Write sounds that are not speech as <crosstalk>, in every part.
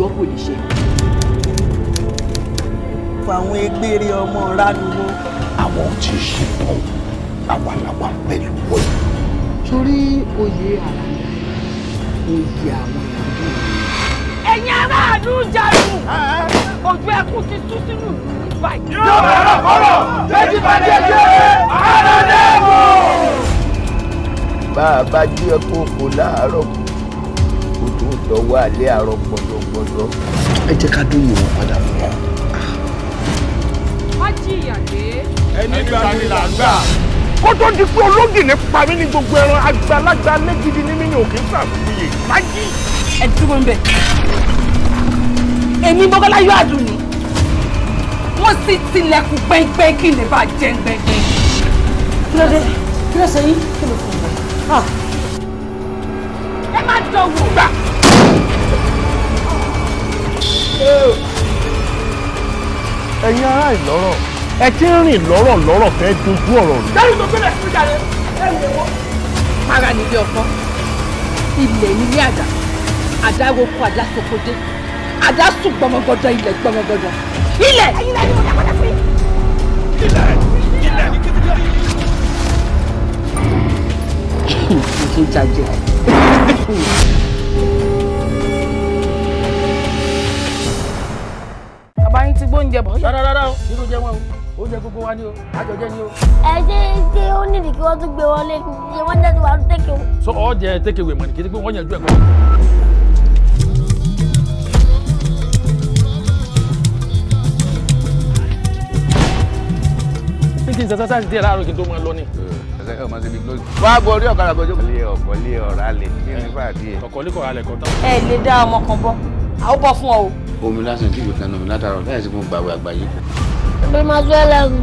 jọ kò lè ṣe. fàwọn egbére ọmọ ránuwó. àwọn ò tí ì ṣetán làwàlàwà pẹ̀lú wọn. torí oyè àlàyé oyè àwọn ìyàwó. ẹ̀yin aráàlú jaru ojú ẹkún ti tú sínú ìlú báyìí. yóò bẹ̀rẹ̀ fọ́rọ̀ jẹ́jì bàjẹ́ jẹ́ àdàdẹ́gbò. bá a bá jí ẹkún kò láàárọ̀ kùtù tó dọ̀wọ́ alẹ́ àárọ̀ pọ̀ gbọ́dọ̀ ẹ jẹ́ ká dóyè wọn padà fún wa. má jìyà dé. ẹni gba ni là ń gbà. kó tó di pé ológìní pa mí ní gbogbo ẹran àgbàlagbà lẹ́gidi ní mímí òkè sàfihàn lájì. ẹ dúró ń bẹ èmi bọ́kọ́lá yóò àdùn ni wọ́n sì tilẹ̀kùn pẹ́ńpẹ́ kí n lè bá jẹun gbẹ̀gbẹ̀. kí ló dé kí ló ṣe yín kí ló fún un bẹ́ẹ̀. ẹ má dọ̀wọ́. gbà ẹ̀yin ará ìlọ́rọ̀ ẹ ti ń rìn lọ́rọ̀ lọ́rọ̀ fẹ́ dojú ọ̀rọ̀ rẹ̀. lẹ́yìn tó gbélé fún ìjà rẹ ẹ̀rù ẹ̀wọ́. para nílé ọkọ ilẹ̀ nílé àdá àdá roko àdá sokodé àdá sùn gbọmọgbọdọ ilẹ̀ gbọmọgbọdọ ilẹ̀. ẹ̀yin lẹ́yìn mo dákọ̀dá fún yín. ilẹ̀ ilẹ̀ ní kékeré. kí n jàjẹ́. <laughs> gbóúnjẹ bọ̀. rárá rárá o nínú jẹ wọn o oúnjẹ gbogbo wa ni o àjọjẹ ni o. ẹ ṣe ṣe ó ní ìdí kí wọ́n tún gbé wọlé ṣe wọ́n jẹ́ ti wà o. so ọ jẹ tẹ́kẹ̀ wèé mọ̀nì kí ni pé wọ́n yànjú ẹ̀ kọ́. kí n ṣe sẹ́sáìsì díẹ̀ láàárọ̀ kí n tó máa lọ ni. ẹ ẹ ọmọ ṣe bí glory. wá gbọ́ orí ọ̀kadà gbọ́jọ́. ilé ọ̀kọ́ ilé ọ̀rá lè ní fàdí ẹ̀. ọ̀kọ́ ilé kọ̀ọ̀rá lẹ̀ kọ́ tán. ẹ lè dá ọmọ kan bọ́ àwọn bọ́ fún ọ o omi lásán tí ìgbìkan omi látàrọ láì sí fún gbàgbé àgbáyé. bí mo tún ẹlẹ rù.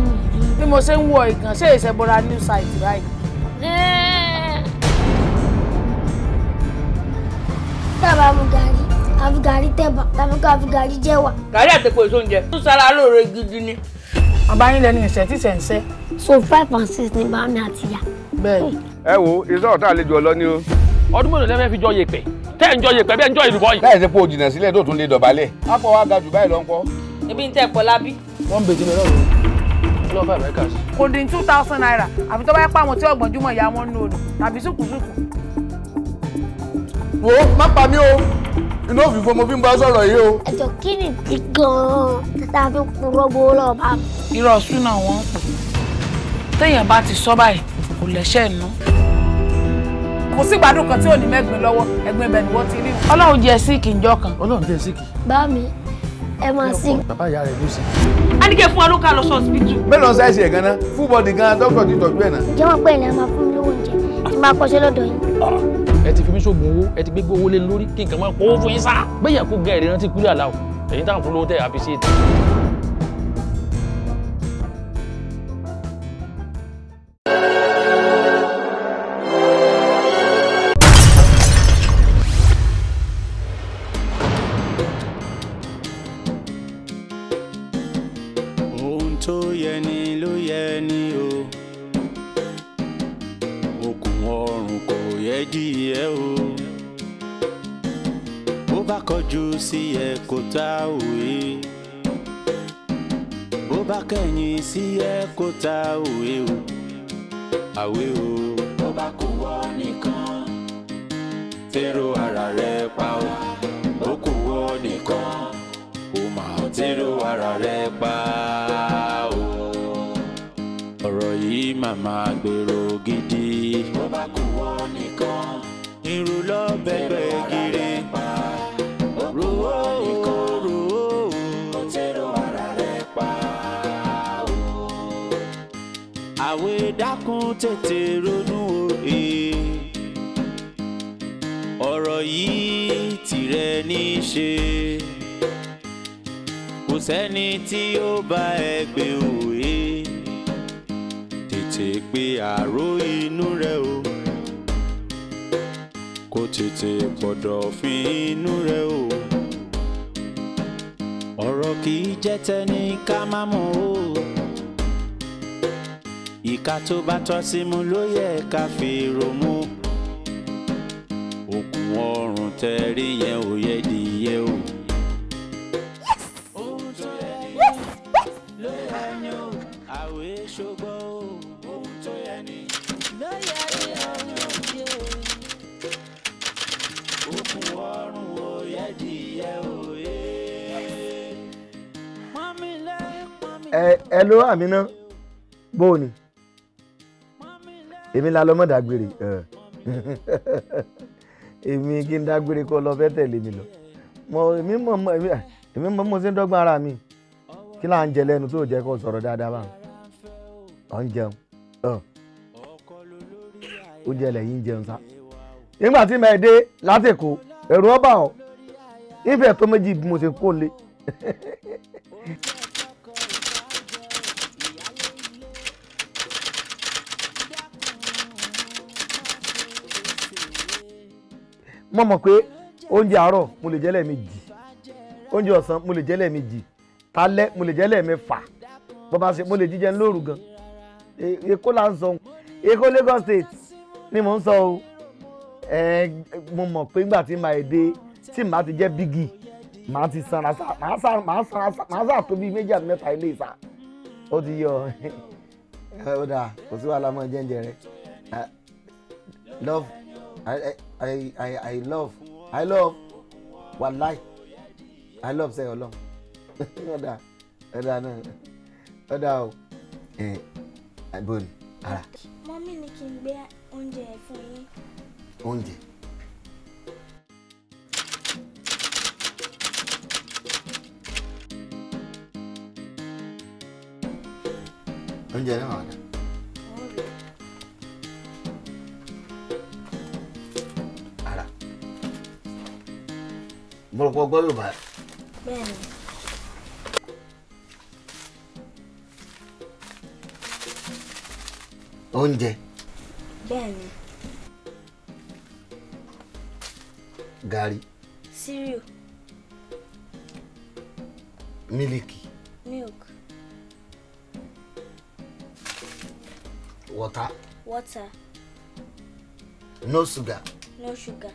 bí mo ṣe ń wọ ìgàn ṣé ìṣẹ́bọra new site báyìí. tábà mu gàrí àfi gàrí tẹ̀bà tàbí kó àfi gàrí jẹ̀wà. gàrí àtẹ̀pọ̀ èso oúnjẹ tún sara lóore gidi ni. àbáyín lẹni ìṣẹ́ tí ṣẹ̀ǹṣẹ́. so five and six ni bàmí àti ìyá. bẹ́ẹ̀. ẹ wo iṣẹ́ ọ̀tá àlejò ọlọ́ni o. ọdún mélòó lẹ́fẹ̀ẹ́ fi jọ yèpẹ̀ tẹ́ ẹ̀ ń jọ yèpẹ́ bẹ́ẹ̀ ń jọ ìrùbọ yìí. láì ṣe pé o jìnnà sílẹ̀ tó tún lè dọ̀bálẹ̀. apọ̀ wa ga jù báyìí lọ ń kọ́. ebi ń tẹ́ ẹ̀pọ̀ lábí. wọ́n ń bèjì mi lọ́rùn lọ́ọ́ bàbá ẹ̀ka sí. kò dín two thousand naira àfi tó bá yẹ pàwọn tí ọ̀gbọ̀njúmọ̀ ìyá wọn nù odò tàbí sùkùsùkù. wo má pa mí o inú òfìfo mo fi ń bá sọ̀rọ̀ yìí o. ẹ̀jọ̀ kí ni ti gan-an a fi kúrọ́ gbowó lọ́ọ́ bá mi. irọ́ sún náà wọ́n ń pè téèyàn kò sí gbádùn kan tí ò ní mẹ́gbin lọ́wọ́ ẹ̀gbin ibẹ̀ ni wọ́n ti rí wọn. ọlọ́run jẹ síìkì ńjọ kan. ọlọ́run jẹ síìkì. bá mi ẹ máa sí. bàbá ìyá rẹ ló sí. adike fún ọlọ́kà lọ sọ́ọ̀sìpìtù. bẹ́ẹ̀ lọ sáìsì ẹ̀ gan-an fún bọ́ọ̀dì gan-an dókítà ti tọ́jú ẹ̀ náà. ǹjẹ́ wọ́n pẹ́ ìlànà máa fún mi lówó oúnjẹ tí máa kọ́ṣẹ́ lọ́dọ̀ yín. ẹ ti fi mí ṣoògùn owó ẹ ti gbégbé owó lé lórí kí nǹkan máa kó fún yín sá. bẹ́ẹ̀ yẹ kó gẹ́ rántí kúlẹ̀ àlá èyí táwọn fún lówó tẹ̀ àfi ṣe é tán. tí ẹ kó ta òwe o àwe o. bó bá kú wọ nìkan tẹ́rọ ara rẹ pa o bó kú wọ nìkan o máa tẹ́rọ ara rẹ pa o. ọ̀rọ̀ yìí màmá gbèrò gidi. bó bá kú wọ nìkan irú lọ́ọ́ bẹ́ẹ̀ bẹ́ẹ̀ gírí. kàwé dákun tètè ronú òye ọ̀rọ̀ yìí tìrẹ ní í ṣe kò sẹ́ni tí ó bá ẹ gbé òye tètè pe àró inú rẹ o kò tètè gbọ́dọ̀ fi inú rẹ o ọ̀rọ̀ kì í jẹ́ tẹni ká má mọ̀ o ìka tó bá tọ́ sí mu ló yẹ ká fi romú òkun ọrùn tẹ̀rí yẹn ò yẹ dìyẹ o. ẹ ẹ ló àmì náà bó o ní èmi la lọ́mọ dágbére <laughs> èmi kí n dágbére kó lọ fẹ́ tẹ̀lé mi lọ mọ èmi mọ èmi mọ mo ṣe ń dọ́gba ara mi kí là ń jẹ lẹ́nu tó jẹ́ kó sọ̀rọ̀ dáadáa báwọn ọ̀ ń jẹun ó jẹ lẹ́yìn jẹun sá nígbà tí mo dé látẹ̀kọ́ ẹ̀rù ọba ọ̀ ìfẹ́ tó méjì mo ṣe kó lé. <laughs> mo mọ̀ pé oúnjẹ àárọ̀ mo lè jẹ lẹ́ẹ̀mejì oúnjẹ ọ̀sán mo lè jẹ lẹ́ẹ̀mejì talẹ́ mo lè jẹ lẹ́ẹ̀mẹ́fà bó bá ṣe mo lè jíjẹ lóru gan e, Èkó là ń sọ Èkó Lagos State ni mò ń sọ o mo mọ̀ pé nígbà tí màá dé tí màá ti jẹ́ bígì màá ti sanra sa màá sa màá sanra sa màá sa tó bíi méjì àti mẹ́ta ilé ìsà ó ti yọ <laughs> ó dà kò sí wàhálà mọ́ jẹ́ǹjẹ́ rẹ love. I, I I I love I love wàláì I love say ọlọ́run <laughs> ọ̀dà ọ̀dà náà ọ̀dà o ẹ̀ àgbọ̀nì ara. mọ́mí ni kí n gbé oúnjẹ fún yín. oúnjẹ. oúnjẹ náà wà dá. mo rò pé ọgbọ́n yóò bá. bẹ́ẹ̀ni. oúnjẹ. bẹ́ẹ̀ni. gàrí. cereal. mílìkì. milk. water. water. no sugar. no sugar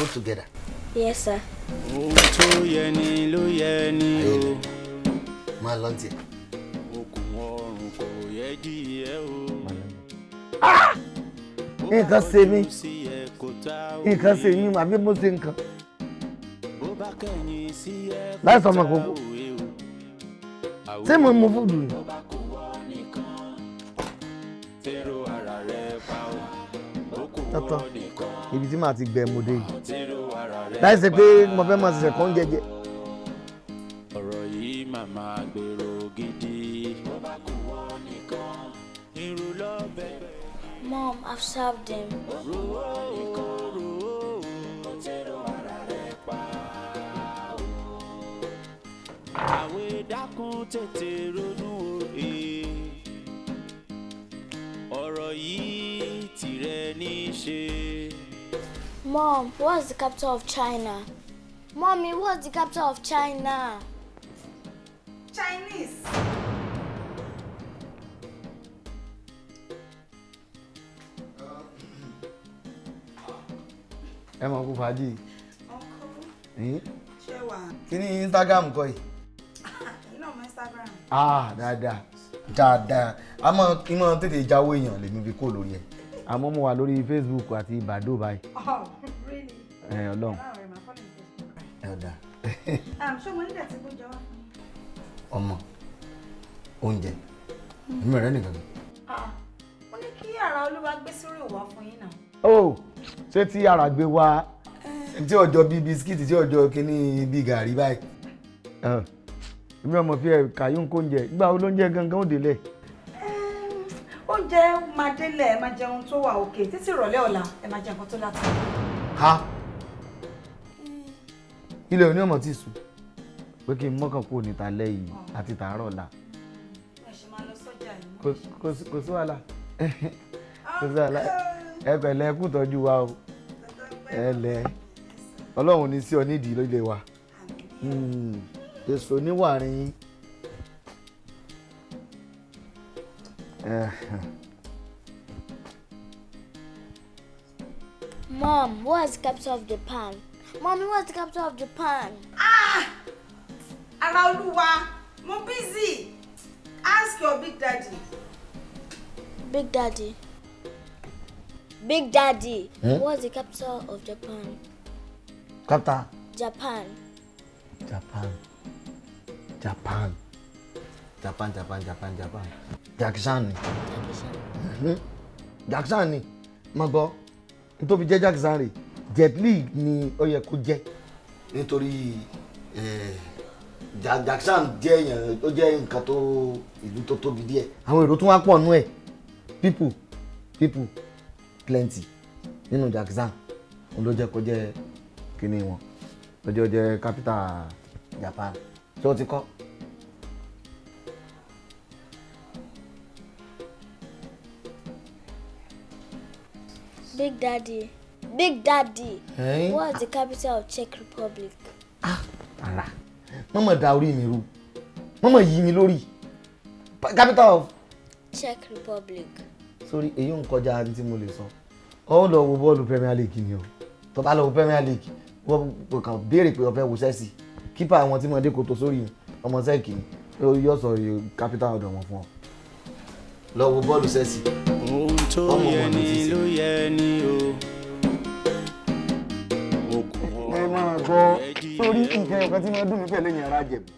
go together. yes sir. ohun tó yẹ ni ló yẹ ni o. máa lọ tiẹ̀. okùn ọrùn kò yẹ di ah! ẹ o. nǹkan ṣe mí nǹkan ṣe yín àbí mo ṣe nǹkan láìsàn ọmọ kókó e ṣé mo mú fúdù ni. tọ́tọ́ ibi tí màá ti gbẹ mo yìí láì ṣe pé mo fẹ́ máa ṣẹ̀ṣẹ̀ kọ́ ń jẹjẹ. ọ̀rọ̀ yìí màmá gbèrò gidi. Mom, I've served them. àwẹ̀ dákun tètè Mom, what's the capital of China? Mommy, what's the capital of China? Chinese. ẹ mọ kó fàájì. ọkọ ṣé wà. kí ni instagram kọ yìí. iná mọ instagram. ah dáadáa dáadáa a máa ń tètè jáwé èèyàn lèmi fi kó lórí ẹ àmọ́ mo wà lórí Facebook àti ibàdó báyìí. Oh, ẹ ọlọ́run ah, ẹ ọ̀dà. <laughs> Um, ṣé mo nílẹ̀ tí kò jẹ wá. ọmọ oúnjẹ mímọ rẹ nìkan. Ah, mo ní kí ara olúwa gbé sórí òwà fún yín náà. ó ṣé tí ara gbé wá. Eh. tí ọjọ́ bíi bisikíìtì tí ọjọ́ kínní bíi gàrí báyìí. Eh. èmi ọmọ fi ẹ̀ka yóò ń kóúnjẹ gbà ó lóúnjẹ gangan ó délẹ̀ oúnjẹ máa délẹ̀ ẹ máa jẹun tó wà òkè títí ìrọ̀lẹ́ ọ̀la ẹ máa jẹ nǹkan tó láti. ha ilẹ̀ òní ọmọ ti sùn pé kí n mọ́kàn kúrò níta lẹ́yìn àti tàárọ̀ ọ̀la. kò sí wàhálà ah. kò sí wàhálà ẹ pẹ̀lẹ́ kú tọ́jú wa o ẹ lẹ ọlọ́run ní sí ọ nídìí ló lè wà èso hmm. níwàárín Eh. Mom, what's the capital of Japan? Mommy, what's the capital of Japan? Ah! Araoluwa, More busy. Ask your big daddy. Big daddy. Big daddy, hmm? is the capital of Japan? Capital? Japan. Japan. Japan japan japan japan japan jackson ni jackson ni mo gbọ́ nítorí jẹ́ jackson rè jet league ni ó yẹ kó jẹ́ nítorí jackson jẹ́ èèyàn ó jẹ́ nǹkan tó ìlú tó tóbi díẹ̀. àwọn èrò tún wá pọ̀ nú ẹ̀ people people plenty nínú jackson òun ló jẹ́ kó jẹ́ kíní wọn ló jẹ́ capital japan ṣé o ti kọ́. Big Daddy. Big Daddy. Hey? What is the capital of Czech Republic? Ah, ara. Mama Dauri orí mi rú. Mama yí mi lórí. Capital of Czech Republic. Sorry, èyí ń kọjá tí mo lè sọ. Ó lọ wo bọ́ọ̀lù Premier League ni o. Tó bá lọ wo Premier League, wọ́n kàn béèrè pé o fẹ́ wo Chelsea. Kípa àwọn tí mo dé kòtò sórí ọmọ sẹ́ẹ̀kì yóò sọ capital ọ̀dọ̀ wọn fún ọ. wo bọ́ọ̀lù Chelsea tó yẹ ni ló yẹ ni o. ẹ máa gbọ́ torí ìjẹ́ ọ̀gá tí wọ́n dùn mí pẹ̀lú ìyẹn ara jẹ̀bù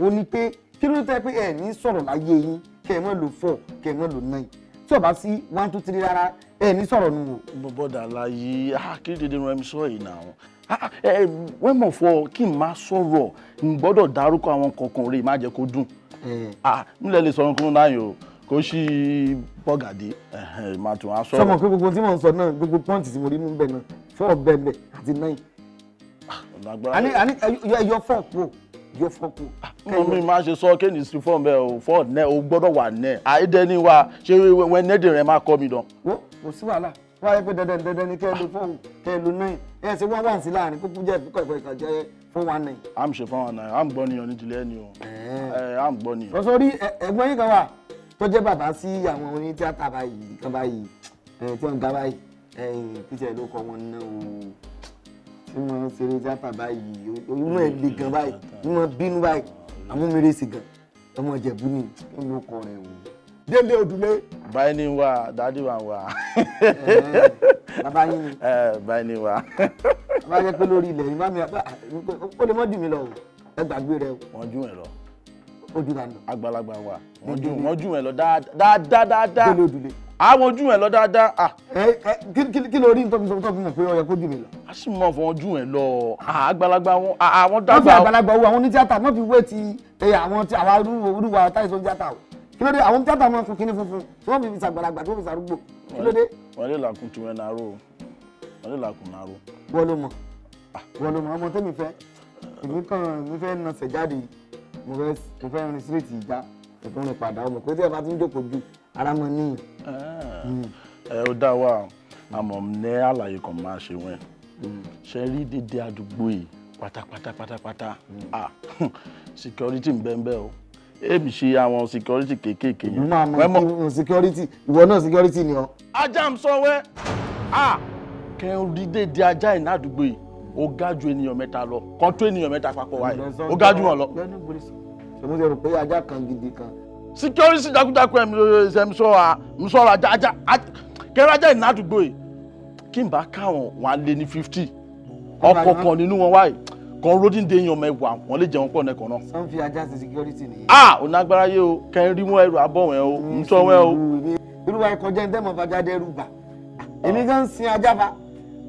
ó ní pé kí ló tẹ́ pé ẹ̀ ní sọ̀rọ̀ láyé yín kẹ́ ẹ mọ́ lò four kẹ́ ẹ mọ́ lò nine tí ọba sí one two three rárá ẹ̀ ní sọ̀rọ̀ nù. bọ́dà láyé ah, kí dédé rán ẹmi sọ yìí náà wọ́n mọ̀ fọ kí n máa sọ̀rọ̀ n gbọ́dọ̀ dárúkọ àwọn kọ̀ọ̀kan rè má jẹ́ kó dùn. Eh. Ah, nílẹ̀ lè sọ̀rọ̀ kúrú náà yòó kó ṣí bọ́gàdé máa tún aṣọ. sọmọ pé gbogbo tí mò ń sọ náà gbogbo pọ́ǹtì tí mo rí nínú bẹ́ẹ̀ náà fọ́ọ̀ bẹ́ẹ̀ àti náì. ẹyọ fọ́ọ̀ kú yọ fọ́ọ̀ kú. mo mi máa ṣe sọ kéènì sí fọ́ọ̀ bẹ́ẹ̀ o fọ́ọ̀ nẹ́ o gbọ́dọ̀ wà nẹ́ àìdẹ́ni wa ṣé wẹ́nẹ́dẹ̀ rẹ máa kọ́ mi dán. wo kò sí wàhálà wọ́n yẹ pé dandan dandan ni kẹ́ẹ̀lú fún kẹ́ẹ̀lú náà ẹ̀ ṣe wọ́n wà sí láàrin kúkú jẹ́ ìfúkọ̀ ìfọ̀ ìkà fún wa náà. à ń ṣe fún wa náà à ń gbọ́ nìyàn nídìílé ẹni o à ń gbọ́ nìyàn. sọ́sọ́ ẹ̀gbọ́n yín kan wà tó jẹ́ bàbá sí àwọn oní tíátà báyìí kan báyìí tí wọ́n ga báyìí kíṣẹ́ ló kọ́ wọn náà o tí wọ́n ṣeré tíátà báyìí inú ẹ̀ le gan báyìí inú bínú báyìí amúmírèsì gan ọmọ ìjẹ̀bú ni wọ́n ló kọ́ rẹ̀ o. délé odùlé. báyìí ni wà dájú wà wà. bàbá yín ni. báyìí ni wà. bàbá yẹ pé lórí ilẹ̀ yìí bá mi ó lè mọ́ jù mí lọ o ẹ gbàgbé rẹ o. wọ́n jù ẹ̀ lọ ojúra ni. àgbàlagbà wa wọn jù wọn jù ẹ lọ dáadáa dáadáa. délé òdùlé. àwọn ojú ẹ lọ dáadáa. ẹ ẹ kí ló rí nítorí nítorí fún mi pé ọyọ kó jù mí lọ. a sì mọ fún ojú ẹ lọ àgbàlagbà wọn àwọn dàgbà. wọ́n fi àgbàlagbà wo àwọn onítíátà wọ́n fi wé ti àwọn tí àwa olúwa táyì tó ń tíátà o kí ló dé àwọn tíátà máa ń kun kíní funfun tí wọ́n fi fi sàgbàlagbà tí wọ́n fi sàrúgbò kí ló dé. wọ́n lè làkùn tiwọn náà ró wọ́n lè làkùn náà ró. wọ́n ló mọ̀ ah. wọ́n ló mọ̀ ọmọ mo fẹ́ mo fẹ́ rin síréètì ìjà ìfún mi padà ọmọ kò tí ẹ bá ti ń jókòó ju ara mọ níyìn. ẹ ó dá wa àmọ́ ní àlàyé kan máa ṣe wẹ́n ṣe rí dédé àdúgbò yìí pátápátá pátápátá ah security ń bẹ́ẹ̀ bẹ́ẹ̀ o èmi ṣe àwọn security kéékèèké yẹn. mo máa mọ security ìwọ náà security ni ọ. ajá ń sọ wẹ́ ah kẹ́ ń rí dédé ajá ìnádùúgbò yìí ó ga ju ènìyàn mẹ́ta lọ kan tó ènìyàn mẹ́ta papọ̀ wáyé ó ga ju wọn lọ. security jagunjagun ẹ̀ ṣe ń sọ̀rọ̀ ajá kẹrẹ ajá ìnà àdúgbò yìí kí n bá káwọn wọn á lé ní fifty ọkọ̀ kan nínú wọn wáyé kan rodin de yan mẹwàá wọn lè jẹun pọ̀ nẹkan náà. sanfi ajá ṣe security nìyẹn. a ò nágbára yé o kẹrin rí wọn ẹrù abọ́ wọn o ń sọ wọn o. irú wa ẹkọ jẹ́ ń tẹ́ fàjà dẹ́rù gbà èmi gan sin ajá fa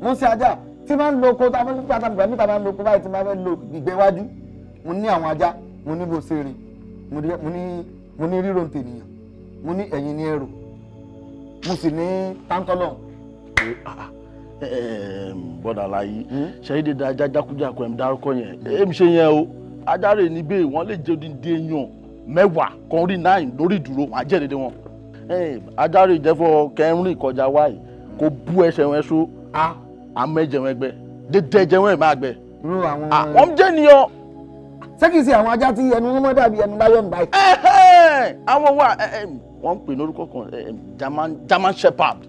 mo sin ajá tí máa ń lo oko tá a máa ń gbà mí tá a máa ń lo oko báyìí tí máa fẹ́ lo ìgbéwájú mo ní àwọn ajá mo ní bó ṣe rìn mo ní mo ní ríro tènìyàn mo ní ẹ̀yìn ní ẹrù mo sì ní tántọ́lọ̀. Ah, ah, bọ́dà láyé hmm? ṣẹ́yìndé da ajá jákújákú ẹ̀mí dárúkọ yẹn èmi ṣe yẹn o ajáre níbẹ̀ wọ́n lè jẹ́ odindi èèyàn mẹ́wàá kan rí náà lórí ìdúró wọn á jẹ́ dédé wọn ajáre ìjẹ́fọ́ kẹrin kọjá wáyé kò bú ẹsẹ̀ wọn ẹṣó àmọ́ ẹ̀jẹ̀ wọn ẹgbẹ́ dédé ẹ̀jẹ̀ wọn ẹ̀ máa gbẹ. àwọn jẹ́ nìyọ. sẹ́kìsì àwọn ajá tí ẹnu wọn dàbí ẹnu láyọ̀ ń báyìí. àwọn wa wọ́n ń pè ní orúkọ kan German German Shepherd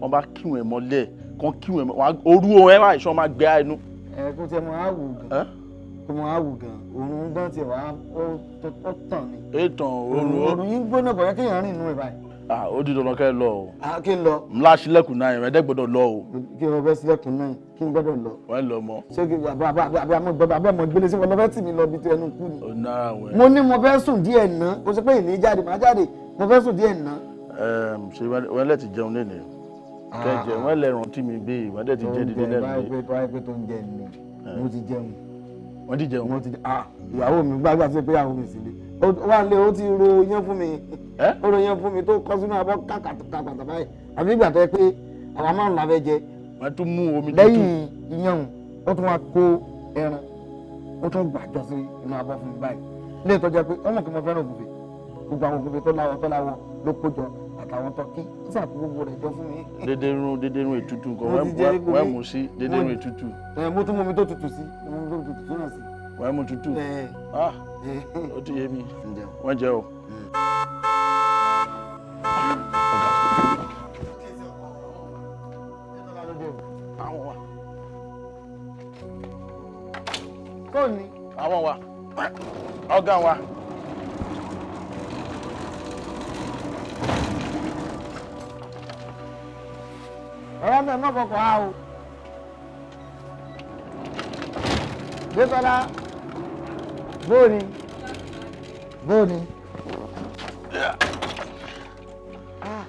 wọ́n bá kí wọn mọ́lẹ̀ kan kí wọn orú wọn ẹ̀ máa ìṣọ́ máa gbẹ ẹnu. ẹ kò tiẹ̀ mọ àwù gan kò mọ àwù gan òun gan tiẹ̀ wá ó tàn ni. ètò òru òru yín gbóná bọ̀yá kéèyàn rìn inú ẹ̀ báyìí. Ah, ó di dandan kẹ́ ẹ lọ o. a kí n lọ. n la sílẹ̀kùn náà yẹn ẹ̀dẹ́ gbọ́dọ̀ lọ o. kí n bẹ sílẹ̀kùn náà kí n gbọ́dọ̀ lọ. wọ́n lọ mọ. ṣé kí bàbá àmọ́ gbélé sí mo, lọ́fẹ́ tì mí lọ bí tó ẹnu kú ni. mo ní mo fẹ́ sùn díẹ̀ ná o ṣe pé ìní jáde màá jáde mo fẹ́ sùn díẹ̀ ná. ṣé wọ́n lẹ́ ti jẹun lé ni kẹjẹ wọ́n lẹ́ rántí mi bí ìwọ́n dẹ̀ ti jẹ́ dídí lẹ́nu. wọ́n ti jẹun. ìyàwó mi gbàgbà sí pé àwọn mi sílé wà lé o ti ro yán fún mi ó ro yán fún mi tó kọ́ sínú abọ́ kàkàtà báyìí àbí ìgbà tó yẹ pé àwa márùn la fẹ́ jẹ lẹ́yìn iyán ó tún wá kó ẹran ó tún gbàjọ sí inú abọ́ fún mi báyìí ilé ìtọ́jà pé ọmọ kí mo fẹ́ràn ògùnfẹ́ gbogbo àwọn ògùnfẹ́ tó láwọ tó láwọ ló kójọ àtàwọn tọ́kí sísà kó gbogbo rẹ̀ jọ fún mi. dédé irun dédé irun ètùtù nǹkan wẹ́ẹ̀ mú sí dédé irun ètùtù. mo tún mú mi tó tutù sí mo mú mi tó tutù sí. wẹ́ẹ̀ mú tutù ó ti yé mi wọ́n jẹ́ o. àwọn wa. kò ní. àwọn wa ọ̀gá wa. ọ̀rọ̀ mi ò náà kọ̀ọ̀kan á o. Débọ́lá bóòni bóòni. Ah. Bọ̀dá Ah. Ah.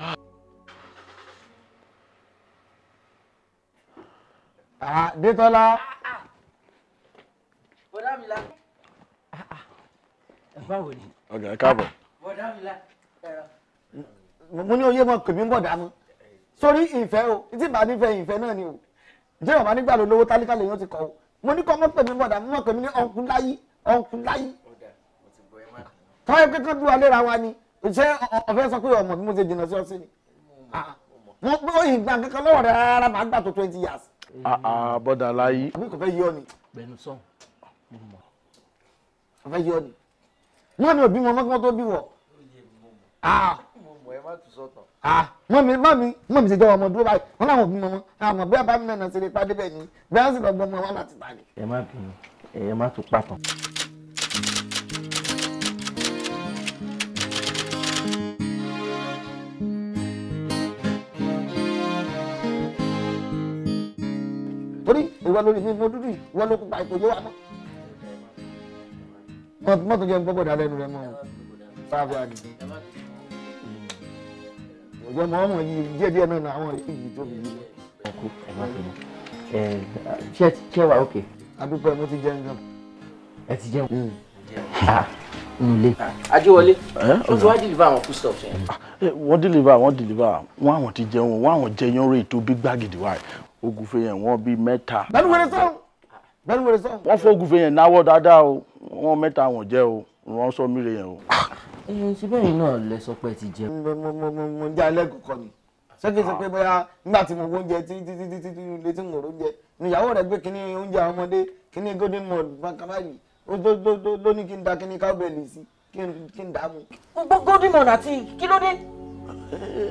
Ah. Ah. ah, ah. ni? Ọ̀gá ẹ káàbọ̀. Bọ̀dá mi la. Mo ní oyé mọ kèmí ń bọ̀dá mu. Sórí ìfẹ́ o, tí bá nífẹ̀ẹ́ ìfẹ́ náà ni o. Jẹ́ ọ̀bá nígbà lólówó tálíkà lèyàn ti kọ́ o mo ní kọ́mọ́ pèmí bọ̀dà mo mọ̀ pèmí ní ọ̀nkú láyé ọ̀nkú láyé tọ́yọ̀ pé tó dúwà léra wa ni ṣé ọ̀fẹ́ sọ pé ọmọ bí mo ṣe jìnnà sí ọ sí ni ah, mo pé ó yìí gbà kankan lọ́wọ́ rárá màá gbà tó twenty years. Ah, ah, bọ́dà láyé. àbí kò fẹ́ yí ọ ni. bẹ́ẹ̀ni sọ kò fẹ́ yí ọ ni. wọ́n ní òbí mọ mọ́kàn tó bí wọ̀. mo mọ̀ ẹ má tún sọ̀tàn mọ́mi mọ́mi mọ́mi ti jẹ́ ọmọ dúró báyìí wọ́n láwọn òbí mọ́ wọn àmọ́ bí abá mẹ́rin náà ti lè pàdé bẹ́ẹ̀ ni bí wọ́n sì lọ gbọ́n mọ́ wọn láti tà ní. ẹ má bínú ẹ má tún pàtàn. torí ìwọ lórí mi mo dúdú yìí ló kópa ìkòyó wa mọ́ mọ́tò jẹun gbọ́gbọ́dà lẹ́nu rẹ mọ́ ọ́n bá a bá a nìyí ọjọ́ mọ ọmọ yìí díẹ̀ díẹ̀ náà àwọn yìí tó fi yí. ọkọ ẹ má fi mọ ẹ ṣé ṣé wà ókè. adúpẹ́ mo ti jẹun gan. ẹ ti jẹun. nle. ajẹ́wọlé ó ti wá dìlìbà àwọn food stuff yẹn. wọ́n dìlìbà wọ́n dìlìbà wọ́n àwọn ti jẹun wọ́n àwọn jẹyàn rè tó bí gbàgìdì wáyé ogunfe yẹn wọ́n bí mẹ́ta. bẹ́ẹ̀ni wẹrẹ sọ bẹ́ẹ̀ni wẹrẹ sọ. wọ́n fọ ogunfe yẹn náwó dáadáa o wọ́n mẹ́ta wọn jẹ o wọ́n sọ mí ẹyìn ṣe bẹ́ẹ̀ náà lẹ sọ pé ti jẹ. mo mo mo mo mo jẹ alẹ́ kọ̀ọ̀kan ni ṣé kí n sọ pé ah. bóyá nígbà tí mo wo oúnjẹ tí tí tí tí tí ilé tí mo rò oúnjẹ níyàwó rẹ gbé kíní oúnjẹ àwọn ọmọdé kíní golden mold bákàbáyì ló ní kí n da kíní kábẹ́ẹ̀lì sí kí n dààmú. golden mold àti kí ló dé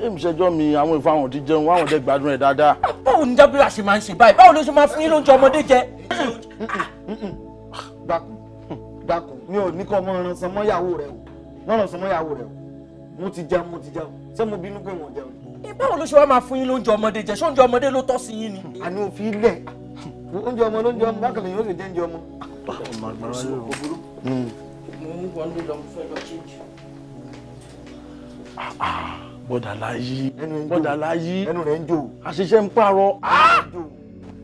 èmùsẹjọ mi àwọn ìfọ àwọn ti jẹun wọn àwọn ọdẹ gbádùn ẹ dáadáa. Ah, báwo ni jábírà ṣe máa ń ṣe báyìí báwo ló ṣe máa fún yín lóúnjẹ ọmọdé jẹ. Ah, dákun hmm, dákun mi ò ní kọ́ ọmọ ọ̀ràn san mọ́yàwó rẹ o wọ́n lọ sọ mọ́ ìyàwó rẹ̀ mo ti jẹun mo ti jẹun ṣé mo bínú pé wọ́n jẹun. Eh, báwo ló ṣe wá máa fún yín lóúnjẹ ọmọdé jẹ ṣóúnjẹ ọmọdé ló tọ́ sí yín ni. àní òfin ilẹ̀ oúnjẹ ọmọ lóúnjẹ ọmọ bákan lèyìn ó sì jẹ́ oúnjẹ ọmọ. bọ́dà láyé bọ́dà láyé ẹnu rẹ̀ ń jò àṣìṣe ń pààrọ̀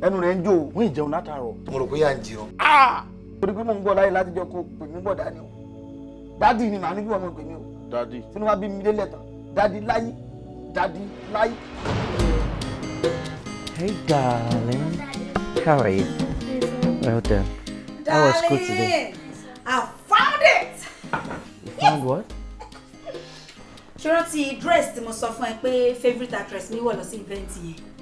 ẹnu rẹ̀ ń jò wọ́n ìjẹun látàárọ̀. mo rò pé yà ń jẹun. Ah! torí pé mo ń gbọ́ láyé látijọ́ kó pè mí bọ̀dá ni o dádì ni màá ní kí wọ́n mọ̀ pé mi o. dádì. sínú wa bí mi lélẹ̀ tán dádì láyé dádì láyé. Hey darling, how are you? Well done. Darling, how was school today? I found it. You found what? Ṣé o rántí dress tí mo sọ fún ẹ pé favourite actress mi wọ̀ lọ sí event yẹn?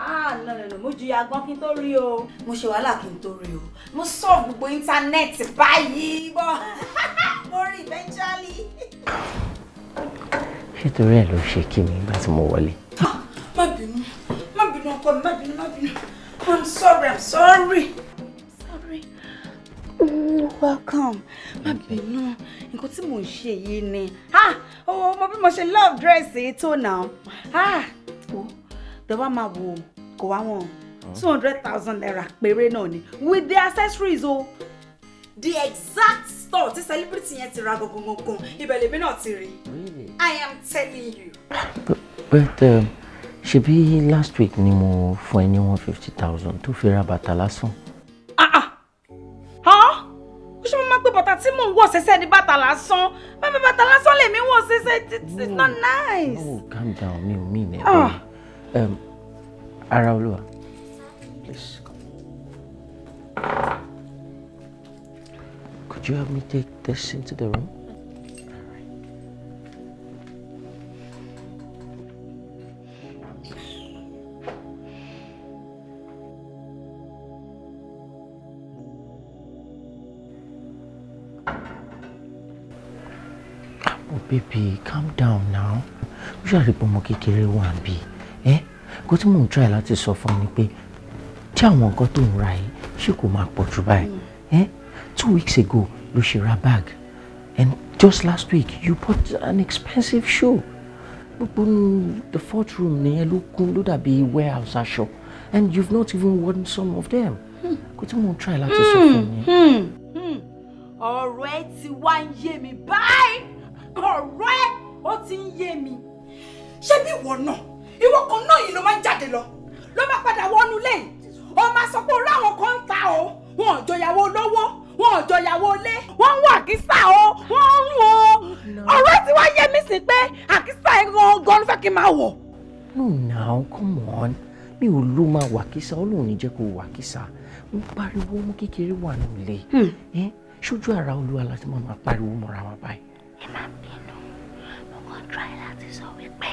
Ah, no no no mo jìyà gan kí n tó rí o. mo ṣe wàhálà kí n tó rí o mo sọ gbogbo íńtánẹ́ẹ̀tì báyìí bọ́ <laughs> mo rí eventually. ṣé torí ẹ ló ṣe kí mi nígbà tí mo wọlé. Ah, má bínú má bínú ọkọ mi má bínú má bínú i'm sorry i'm sorry. sorry. welcome. Má bínú. Nǹkan tí mò ń ṣe yìí ni. Ah! Oh, mo bí mo ṣe love dress yìí tó náà. Ah! Oh tó bá máa wò kò wá wọn two hundred thousand naira péré náà ni with the accessories o. the exact store tí celebrity yẹn ti ra gangan ibẹ̀ lèmi náà ti rí i am telling you. but um, ṣebí um, last week ni mo fún ẹ ní one fifty thousand tó fi ra bàtà lásán. ah ah ṣé mo máa pe bàtà tí mò ń wọ̀ ṣẹ̀ṣẹ̀ ní bàtà lásán bàbá bàtà lásán lèmi wọ̀ ṣẹ̀ṣẹ̀ it's not nice. oh calm down mi ò mí ìnẹ́ Um, Araulua, please come. Could you help me take this into the room? baby calm down now ó ṣàlùpọ̀ ọmọ kékeré one bíi kó tí mò ń try láti sọ fún mi pé tí àwọn nǹkan tó ń ra yìí ṣé kò máa pọ̀ jù báyìí hmm. eh? two weeks ago ló ṣe ra bag and just last week you bought an expensive shoe gbogbo the fourth room nìyẹn ló kún ló dàbí warehouse aṣọ and you've not even worn some of them hmm. kó tí mò ń try láti sọ fún mi. Hmm. ọ̀rọ̀ ẹ ti wá ń yé mi báyìí ọ̀rọ̀ ẹ ó ti ń yé mi ṣé bí ìwọ náà ìwọ kan náà yìí ló máa ń jáde lọ ló máa padà wọnú lẹ́yìn ó máa sọ pé ráwọn kan ń ta o wọn ò jọyàwó lówó wọn ò jọyàwó lé wọn ń wọ àkísà o wọn ń rún ọ̀rọ̀ tí wàá yé mi sí pé àkísà gan-an fẹ́ kí n máa wọ̀. no now come on mi ò ló máa wà kísà ọlọ́run ní jẹ́ kó wà kísà ń pariwo mú kékeré wà nílé ṣojú hmm. ara olúwa láti máa pariwo mọ́ra wa báyìí. ẹ má bínú mo kàn try láti sọ wípé.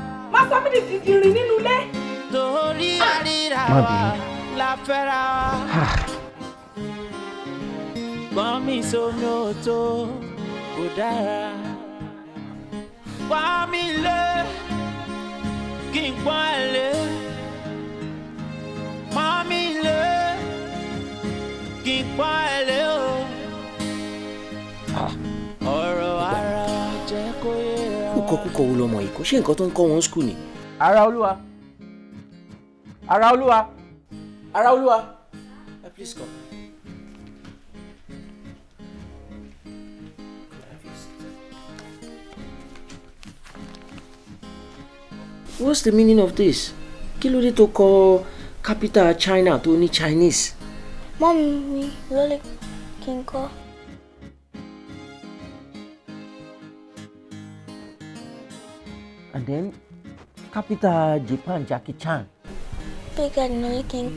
máa sọ mí di dìdìrì nínú ilé. torí ah. àríra wa la fẹ́ra wa. gbọ́n mi sómi ò tó kò dára. wá mi lé kí n pọ́n ẹ̀ lé. ẹ̀kọ́ wo lọmọ yìí kó ṣé nǹkan tó ń kọ́ wọn skul ni. ara olúwa ara olúwa ara olúwa ẹ eh, please come. what's the meaning of this? kí ló dé tó kọ capital China tó ní Chinese. mọ́mí mi ló lè kí n kọ́. And then, capital Japan, Jackie Chan. Bíga ni kí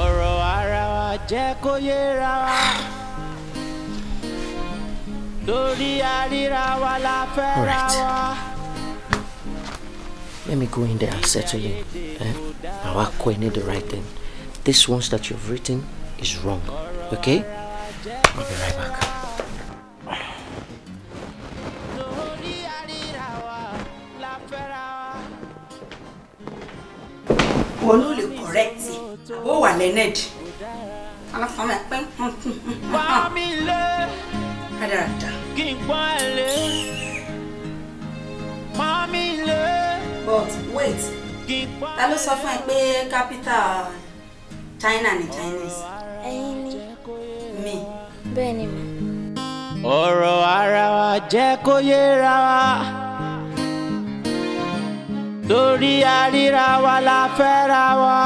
Ọ̀rọ̀ Let me go in there and settle you. Eh? Àwa kọ́ ẹ the right thing. This ones that you've written is wrong. Okay? I'll be right back. ìwọ ló lè correct àbó wà leonard aláfàmì pẹ́ hmm, hmm, hmm, rádaràda. but wait ta ló sọ fún ẹ capital China ni Chinese. ẹyin ni. mi. bẹ́ẹ̀ ni mi. ọ̀rọ̀ ara wa jẹ́ kó yé ra wa torí àríra wa la fẹ́ra wa.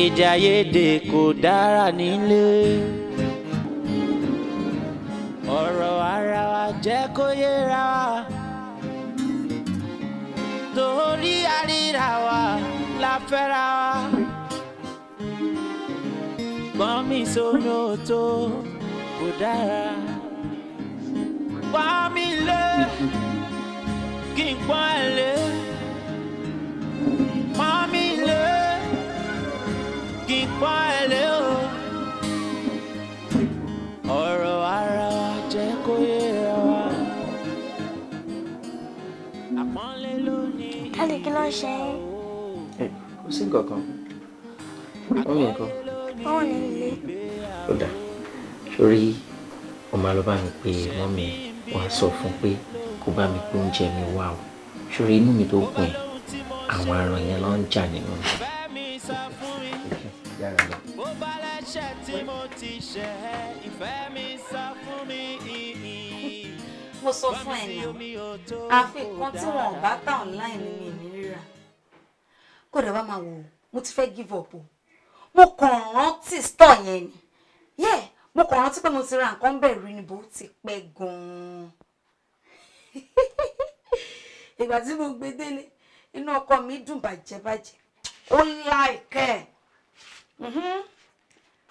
ìjà yédè kò dára nílé. ọ̀rọ̀ ara wa jẹ́ kó yéra wa. torí àríra wa la fẹ́ra wa. gbọ́n mi sómi ò tó kò dára. wá mi lé kí n pọ́n ẹ̀ lé pọ́n mi lé kí n pọ́n ẹ̀ lé o. ọ̀rọ̀ ara wa jẹ́ kó yé wa. àpọ́nlé ló ní ìyàwó. káàdì kí ló ń ṣe é. ẹ kò sí nǹkan kan wọ́n mi nǹkan. wọ́n wà ní ilé. ó dà sórí ọmọ alọ́ba mi pé mọ́mí wọ́n á sọ fún pé kó bá mi pé oúnjẹ mi wá o ṣòro inú mi tó gùn ẹ àwọn aràn yẹn ló ń jà nínú mi. bó bá lẹ́sẹ̀ tí mo ti ṣe ìfẹ́ mi sọ fún mi ìhìn. mo sọ fún ẹ àfikún tí wọn bá tà online ni mi ní rírà kó dẹ̀ bá máa wò ó mo ti fẹ́ give up o mo kàn rántí store yẹn ni yeah mo kàn rántí pé mo ti ra nǹkan bẹ̀rù ni bó ti pẹ́ gan-an. <laughs> ìgbà tí mo gbé délé inú ọkọ mi dùn bàjẹ́ bàjẹ́ ó yá ẹ̀ mm-hmm.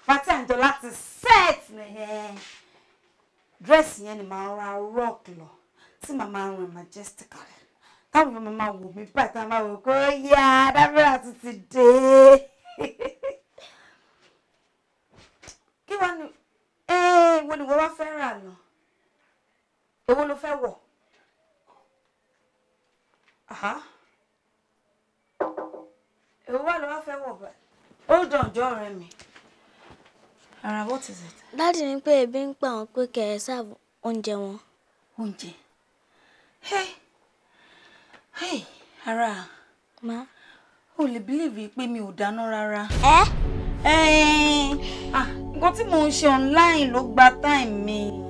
fati àjọ láti set nìyẹn dírẹ́sì yẹn ni màá ra rock lọ tí màmá rìn majestically táwọn ọmọ máa wò mí báyìí táwọn máa wò kó yá dábẹ́rẹ́ àti ti dé <laughs> kí wàá ní ẹ wo ni wọ́n wá fẹ́ rà lọ èwo ló fẹ́ wọ̀. Èwo wà ló wá fẹ́ wọ̀ báyìí? Hold on, jọ̀ọ́ ọ̀rẹ́ mi. Ara what is it? Dáàdì ní pé ebi ń pa àwọn pé kẹ̀ ẹ́ sáàbù oúnjẹ wọn. Hey! Hey! Ara! Ma. O believe bílíìfì pé mi ò dáná rárá. Eh. Ẹ́! Ah! Nǹkan tí mò ń ṣe online ló gba táìmì mi.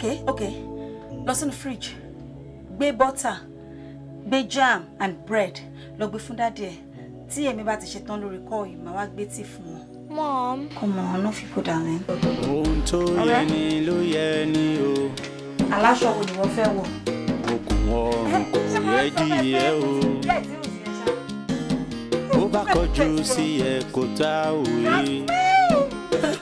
Okay, ok lọ sínú fridge gbé butter gbé jam and bread lọ gbé fún dáàdì ẹ tí ba bá ti ṣetán lórí kọ́ yìí màá wá gbé tíì fún wọn. mom. come on no fi put down in. ohun tó yẹ ni ló yẹ ni o. aláṣọ wo ni wọ́n fẹ́ wọ̀. okùn ọrùn eh, kò yẹ díẹ̀ o. bó bá kọjú sí ẹ kó tá òye.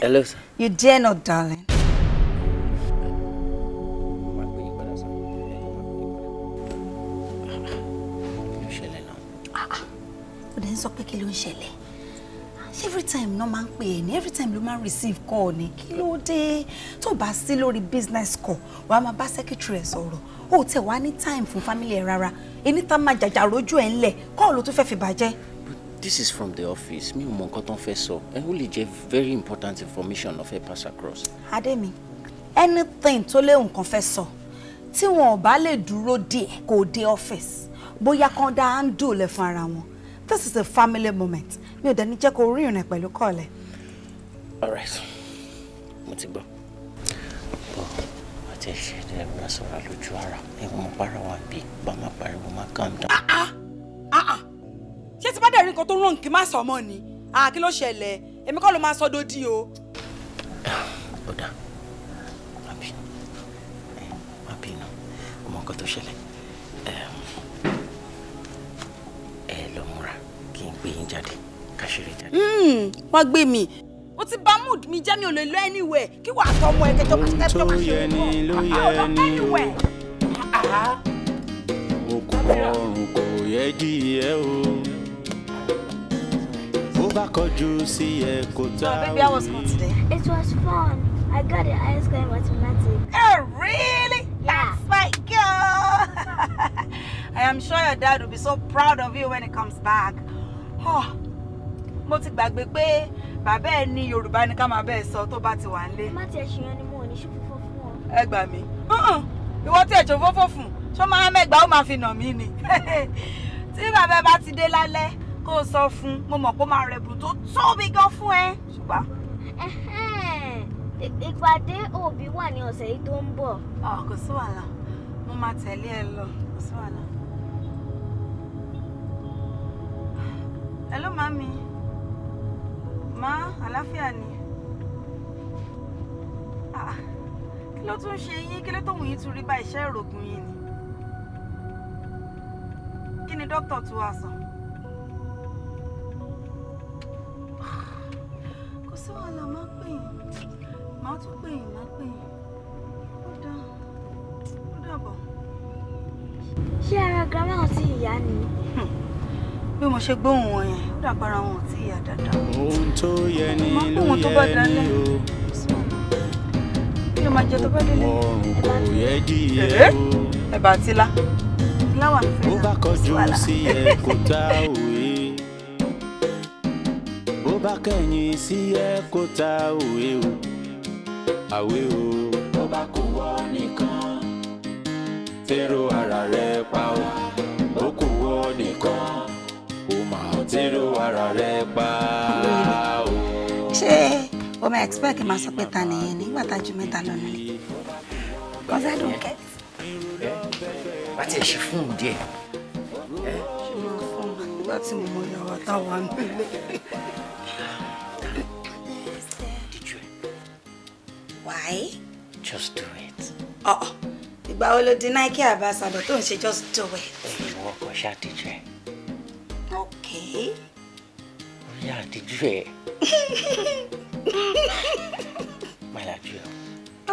Hello, sir. You dare not, darling. ó dẹ̀ ń sọ pé kí ló ń ṣẹlẹ̀ every time náà máa ń pè ní every time ló máa ń receive call ní kí ló dé tó bá sí lórí business call wà á máa bá secretary ẹ̀ sọ̀rọ̀ ó tẹ̀ wá ní time fún family ẹ̀ rárá ẹni tá máa jàjà rójú ẹ̀ ńlẹ̀ call ló tún fẹ́ fi bàjẹ́ this is from the office mi ò mọ nǹkan tó ń sọ ẹ ó lè jẹ́ very important information ló fẹ́ pass across. ademi anything tó lé nǹkan fẹ́ sọ tí wọn ò bá lè dúró díẹ̀ kó dé office bóyá kan dá handle fún ara wọn this is a family moment mi ò dẹni jẹ́ kó rí ìrìn pẹ̀lú kọ́ọ̀lẹ̀. alright mo ti gbọ́ bọ́ àti ẹ̀ṣẹ̀ ẹ̀dẹ̀ ẹ̀rọ sọ̀rọ̀ lójú ara ẹ̀wọ̀n para wa bí bá má pariwo má calm down. Ah, ah ṣé ti bá dẹ̀ rí nǹkan tó rán kí n má sọ mọ́ ni àkí ló ṣẹlẹ̀ èmi kọ́ ló máa sọ dódì o. ọ̀dà má bínú má ọmọ nǹkan tó ṣẹlẹ̀ ẹ lọ múra kí n gbé yín jáde ká jáde. Hmm, wọ́n gbé mi o ti ba mood mi jẹ́ mi ò lè lọ anywhere kí wàá tọ́ ọmọ ẹ̀kẹ́jọ́ pàṣẹ máa ṣe òun kọ́ àwọn ọ̀dọ́ anywhere. okùn ọrùn kò yẹ jí ẹ o bá kọjú sí ẹ kò tá a baby, how was fun today? It was fun. I got a high score in mathematics. Oh, really? Yeah. That's my girl. <laughs> I am sure your dad will be so proud of you when he comes back. Oh, mo ti baby, pé bàbá ẹ ni ká máa bẹ́ẹ̀ sọ tó bá ti wà ń lé. Má tiẹ̀ yan ni mo ò ní ṣubú fún fún ọ. Ẹ gbà mí. Ìwọ tí ẹ̀jọ̀ fófó fún, ṣó máa mẹ́gbàá ó máa fi nà mí ni. <laughs> Tí bàbá bá ti dé lálẹ́, kó o sọ fún mo mọ̀ pé ó máa rẹ̀bùn tó tóbi gan fún ẹ ṣùgbọ́n. ìpàdé òbí wà ní ọ̀sẹ̀ yìí tó ń bọ̀. kò sí wàhálà mo máa tẹ̀lé ẹ lọ kò sí wàhálà. hello mami ma alafia ni Ah, ló tún ṣe yín kí ló tó wù yín tún rí bá iṣẹ́ ìrògùn yín ni kí ni dókítà tún wá sí wàhálà má pè yín má tún pè yín má pè yín ó dà ó dàbọ̀. ṣé ara grandma ò tí ìyá ni. Hmm. bí mo ṣe gbóhùn wọn yẹn ó dàgbára wọn ò tí ìyá dáadáa. ohun tó yẹ ni ló yẹ ni o. kí ló máa jẹ tó bá délé. ọrùn kò yẹ díẹ̀ eh? o. ẹ̀bà àti ilá. ìlà wà fẹ́ràn sí wàhálà. ó bá kọjú sí ẹ̀kọ́ tá ò bá kẹ̀yìn sí ẹ̀kọ́ta o àwe o. bó bá wọ nìkan tẹ́rọ ara rẹ pa o bó kó wọ nìkan o máa tẹ́rọ ara rẹ pa o. ṣé o máa expect máa sọ pé ta ju mẹ́ta lọ nílé kọ́sẹ́ dùn kẹ́. wá tiẹ̀ ṣe fún un díẹ̀. ṣé mo fún un nígbà why? Just do it. Oh, ìgbà wo lo di Nike ambassador tó ń ṣe just do it. Ìwọ kan ṣàtijú ẹ̀. Okay. Ó yà àtijú ẹ̀. Má lajú ẹ̀.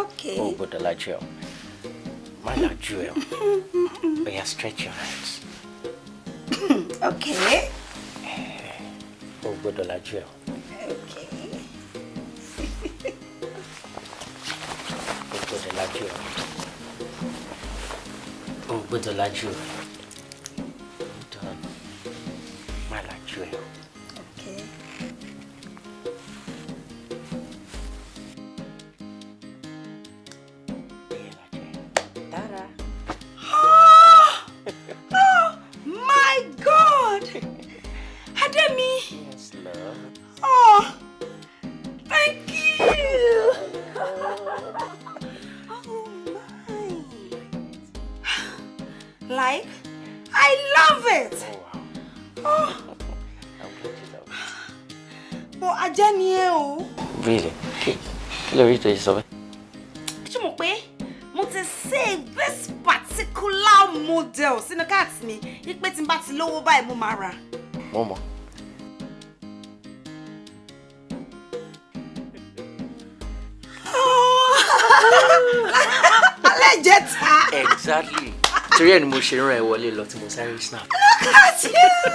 Okay. Ó gbọ́dọ̀ lajú ẹ̀. Má lajú ẹ̀. Ó yá stretch your hands. okay. Oh, Ó gbọ́dọ̀ lajú ẹ̀. Okay. Dọ̀lájú o ò gbé Dọ̀lájú o dán má lajú ẹ o. lórí ìtòyí sọ bẹ́ẹ̀. ṣé mo pé mo ti save this particular model sínú káàtì mi wípé tí n bá ti lówó báyìí mo máa rà. mo mọ̀. <laughs> alẹ́ jẹ́ ta. exactly torí ẹ̀ ni mo ṣe ń rán ẹ wọlé lọ tí mo sáré snap. look at you.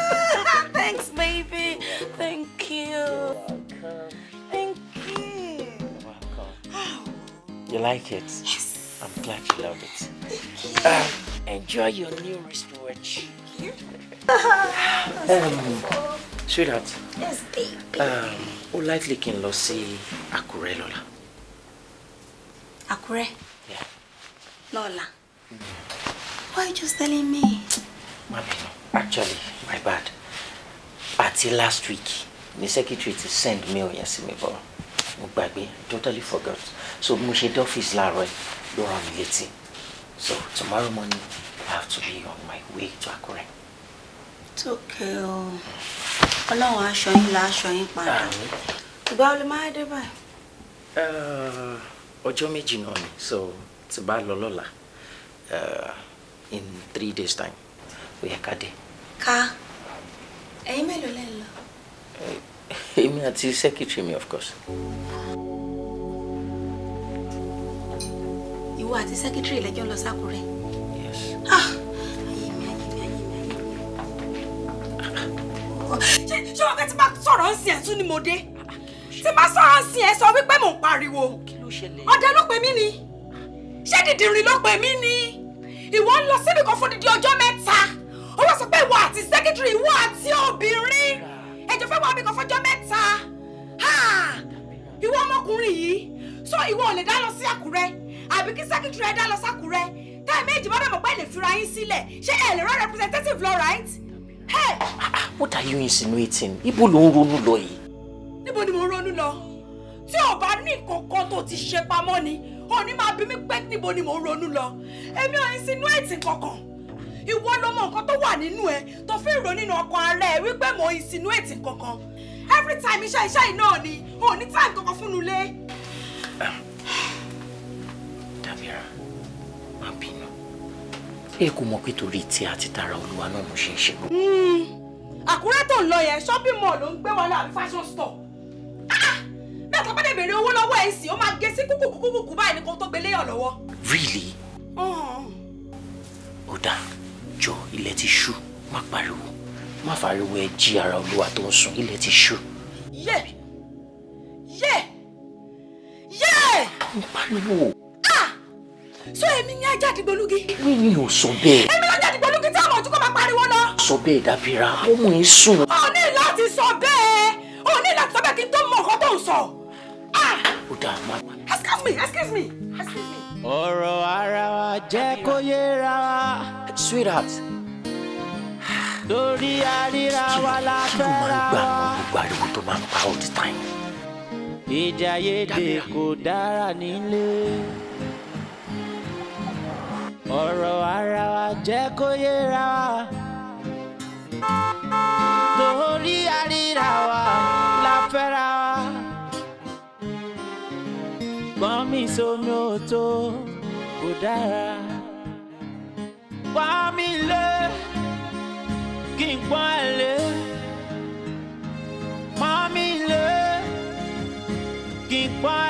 it? Yes. I'm glad you love it. Thank You. Uh, enjoy your new wristwatch. Ah, Thank you. um, sweetheart. Yes, baby. Um, ó likely kí n lọ sí Àkúrẹ́ Yeah. Lola. Mm. Why are you just telling me? no. actually, my bad. Until last week, the secretary ti send mail yẹn sí mi bọ̀. Mo totally forgot so bí mo ṣe dé ọ́fíìsì láàárọ̀ so tomorrow morning I have to be on my way to Akure. tókè o ọlọ́run aṣọ yín la aṣọ yín padà ìgbà wo ló máa dé báyìí. Uh, ọjọ́ méjì náà ni so tí bá lọ lọ́la uh, in three days time ó yẹ ká Eh, me ẹ̀yin mélòó Eh, me at the secretary mi of course. ìwọ àti sẹ́kítírì lẹ́jọ́ lọ sákúrẹ́. Ah! ṣé ọ̀gá tí máa sọ̀rọ̀ ń sìn ẹ̀ tún ni mo dé tí máa sọ̀rọ̀ ń sìn ẹ̀ sọ wípé mò ń pariwo ọ̀dà ló pè mí ni ṣé dìdìrín ló pè mí ni ìwọ ń lọ síbi kan fún dídí ọjọ́ mẹ́ta ó wá sọ pé ìwọ àti sẹ́kítírì ìwọ àti obìnrin ẹjọ́ fẹ́ wá mi kan fọjọ́ mẹ́ta ìwọ ọmọkùnrin yìí sọ ìwọ ò lè dá lọ sí Àkúrẹ́ àbí kí sẹ́kítìrì ẹ dá lọ sákùrẹ́ tá ẹ méjì bọ́dọ̀ mọ̀ pé lè fira yín sílẹ̀ ṣé ẹ lè rán representative lọ right. What are you insinuating? Ibo ló ń ronú lọ yìí? Níbo ni mo ronú lọ? Tí o bá ní kankan tó ti ṣe pamọ́ ni, òní máa bí mi pé níbo ni mo ronú lọ. Èmi ò insinuate kankan. Ìwọ ló mọ nǹkan tó wà nínú ẹ tó fi rò nínú ọkàn ara ẹ wípé mo insinuate kankan. Every time iṣẹ́ iṣẹ́ yìí náà ni, òní time kankan fún Tàbírà má bínú ẹ kò mọ̀ pé torí tí a ti tara olúwa náà mo ṣe ń ṣe. Hmm. àkúrẹ́ tó ń lọ yẹn shopping mall ló ń gbé wa láàbí fashion store ah, ah. bẹ́ẹ̀ tó bá dẹ̀ béèrè owó lọ́wọ́ ẹ̀ sì ó máa gé sí kúkúkúkú báyìí ní kó tó gbélé ọ̀ lọ́wọ́. really hmm. ó dà jọ ilẹ̀ ti ṣú má pariwo má fariwo ẹ jí ara olúwa tó ń sùn ilẹ̀ ti ṣú. yẹ yẹ yẹ. n pariwo so emi ni ajáde gbolúgi. mi ni ò sọ bẹ́ẹ̀. èmi ló jáde gbolúgi tí àwọn ojúkọ máa pariwo lọ. sọ bẹ́ẹ̀ dábìrà ọmọ yìí sùn. o ní láti sọ bẹ́ẹ̀ o ní láti sọ bẹ́ẹ̀ kí n tó mọ ọkọ tó ń sọ. Ah! ó dà má. excuse me excuse me excuse me. ọ̀rọ̀ ara wa jẹ́ kó yéra wa. sweetheart. torí àríra wa la fẹ́ ra wa. kí ló máa gbà gbogbo ariwo tó máa ń pa all the time. ìjà yéde kò dára nílé ọ̀rọ̀ ara wa jẹ́ kó yéra wa torí àríra wa la fẹ́ra wa gbọ́n mi sómi ò tó kò dára wá mi lé kí n pọ́n ẹ lé mọ́ mi lé kí n pọ́n ẹ.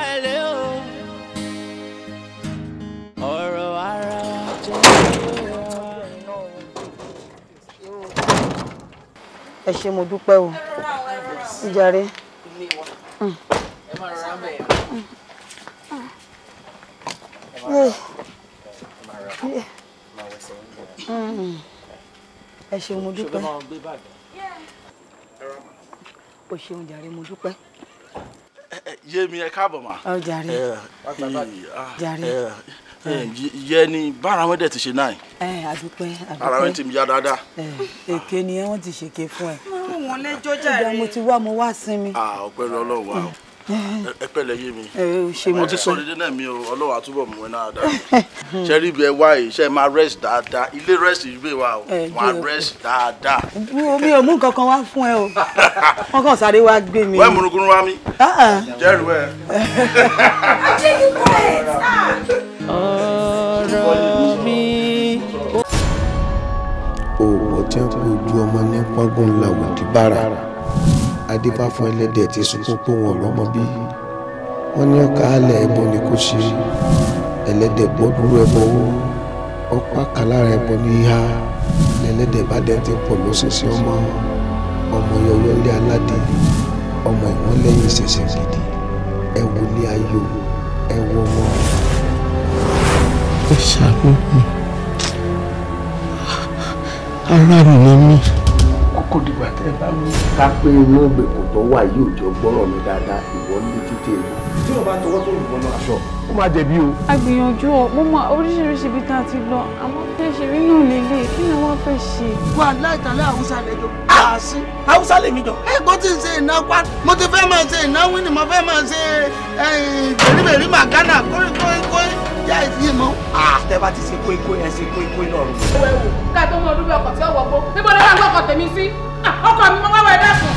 ẹ ṣé mo dúpẹ́ o ìjàre. Hmm. Hmm. ẹ ṣé mo dúpẹ́ o ṣeun jàre mo dúpẹ́ yémi ẹ káàbọ̀ ma. ọ jàre ah, jàre. yẹ ni bára wọn dẹ ti ṣe náà. ẹ àdúpẹ́ àdúpẹ́ ara wọn ti ya dáadáa. èké ni wọn ti ṣèké fún ẹ. wọn lẹjọ jàre. ìgbà mo ti wá mo wá sinmi. Ah, ọpẹ́ lọ́lọ́run wa ẹ pẹ̀lẹ́ yé mi mo ti sọ dédé náà mi o Ọlọ́run àtúbọ̀ mú ẹ náà dáa ṣe rí ibi ẹ wá yìí ṣe máa rest dáadáa ilé rest yìí gbé wa o wọn rest dáadáa. mi ò mú nǹkan kan wá fún ẹ o wọn kàn sáré wá gbé mi. wẹ́ẹ̀ múnukúrú wá mi jẹ́rìí wẹ́ẹ̀. ọ̀rọ̀ mi. oògùn tí ń kó ojú ọmọ ní pọ́gbọ́n làwọn ti bára adébá fún ẹlẹ́dẹ̀ ti sunkún pé wọn lọ́mọ bí wọ́n ní ọ̀ka alẹ̀ ẹbọ ni kò ṣe ẹlẹ́dẹ̀ bọ́ dúró ẹbọ wó ọ̀pá kan lára ẹbọ ní ìhà lẹ́lẹ́dẹ̀ bá dẹ́ ti pọ̀ lọ́sọ̀ọ̀sẹ̀ ọmọ ọmọ yọyọlé aládé ọmọ ìwọ́n lẹ́yìn ìṣẹ̀ṣẹ̀ gidi ẹ wo ní ayò ẹ wọ ọmọ. ẹ ṣàánú mi ara mi ni mí kó dìgbà tẹ́ ẹ bá mú. ká pé inú ìgbèkùn tó wà yóò jọ gbọ́rọ̀ mi dáadáa ìwọ ní títí èèyàn. tí wọn bá tọwọ́ tó lù wọnú aṣọ ó máa jẹ̀bi o. a gbìyànjú ọ mo mọ oríṣiríṣi ibi tá a ti lọ àmọ́ bí ẹ ṣe rí náà lélẹ kí ni wọn fẹ́ ṣe. wà láì tàlẹ́ àwùsá lẹ́jọ́ àásí àwùsá lèmi jọ. ẹ̀gbọ́n ti ń ṣe ìnáwó mo ti fẹ́ máa ṣe ìnáwó ni mo fẹ́ máa ṣe bẹ̀rìbẹ̀rì màgánà kórìkórìkórì yá ìfi mọ́ àtẹ́bá ti ṣe kóikó yẹn ṣe kóikó lọ́rùn. ẹ wò ká tó mọ ọdún bí ọkọ̀ tí ó wọ̀ gbó níbo ni wọ́n gbọ́kọ̀ tèmi sí ọkọ̀ mi máa wá ẹ̀dẹ́kùn.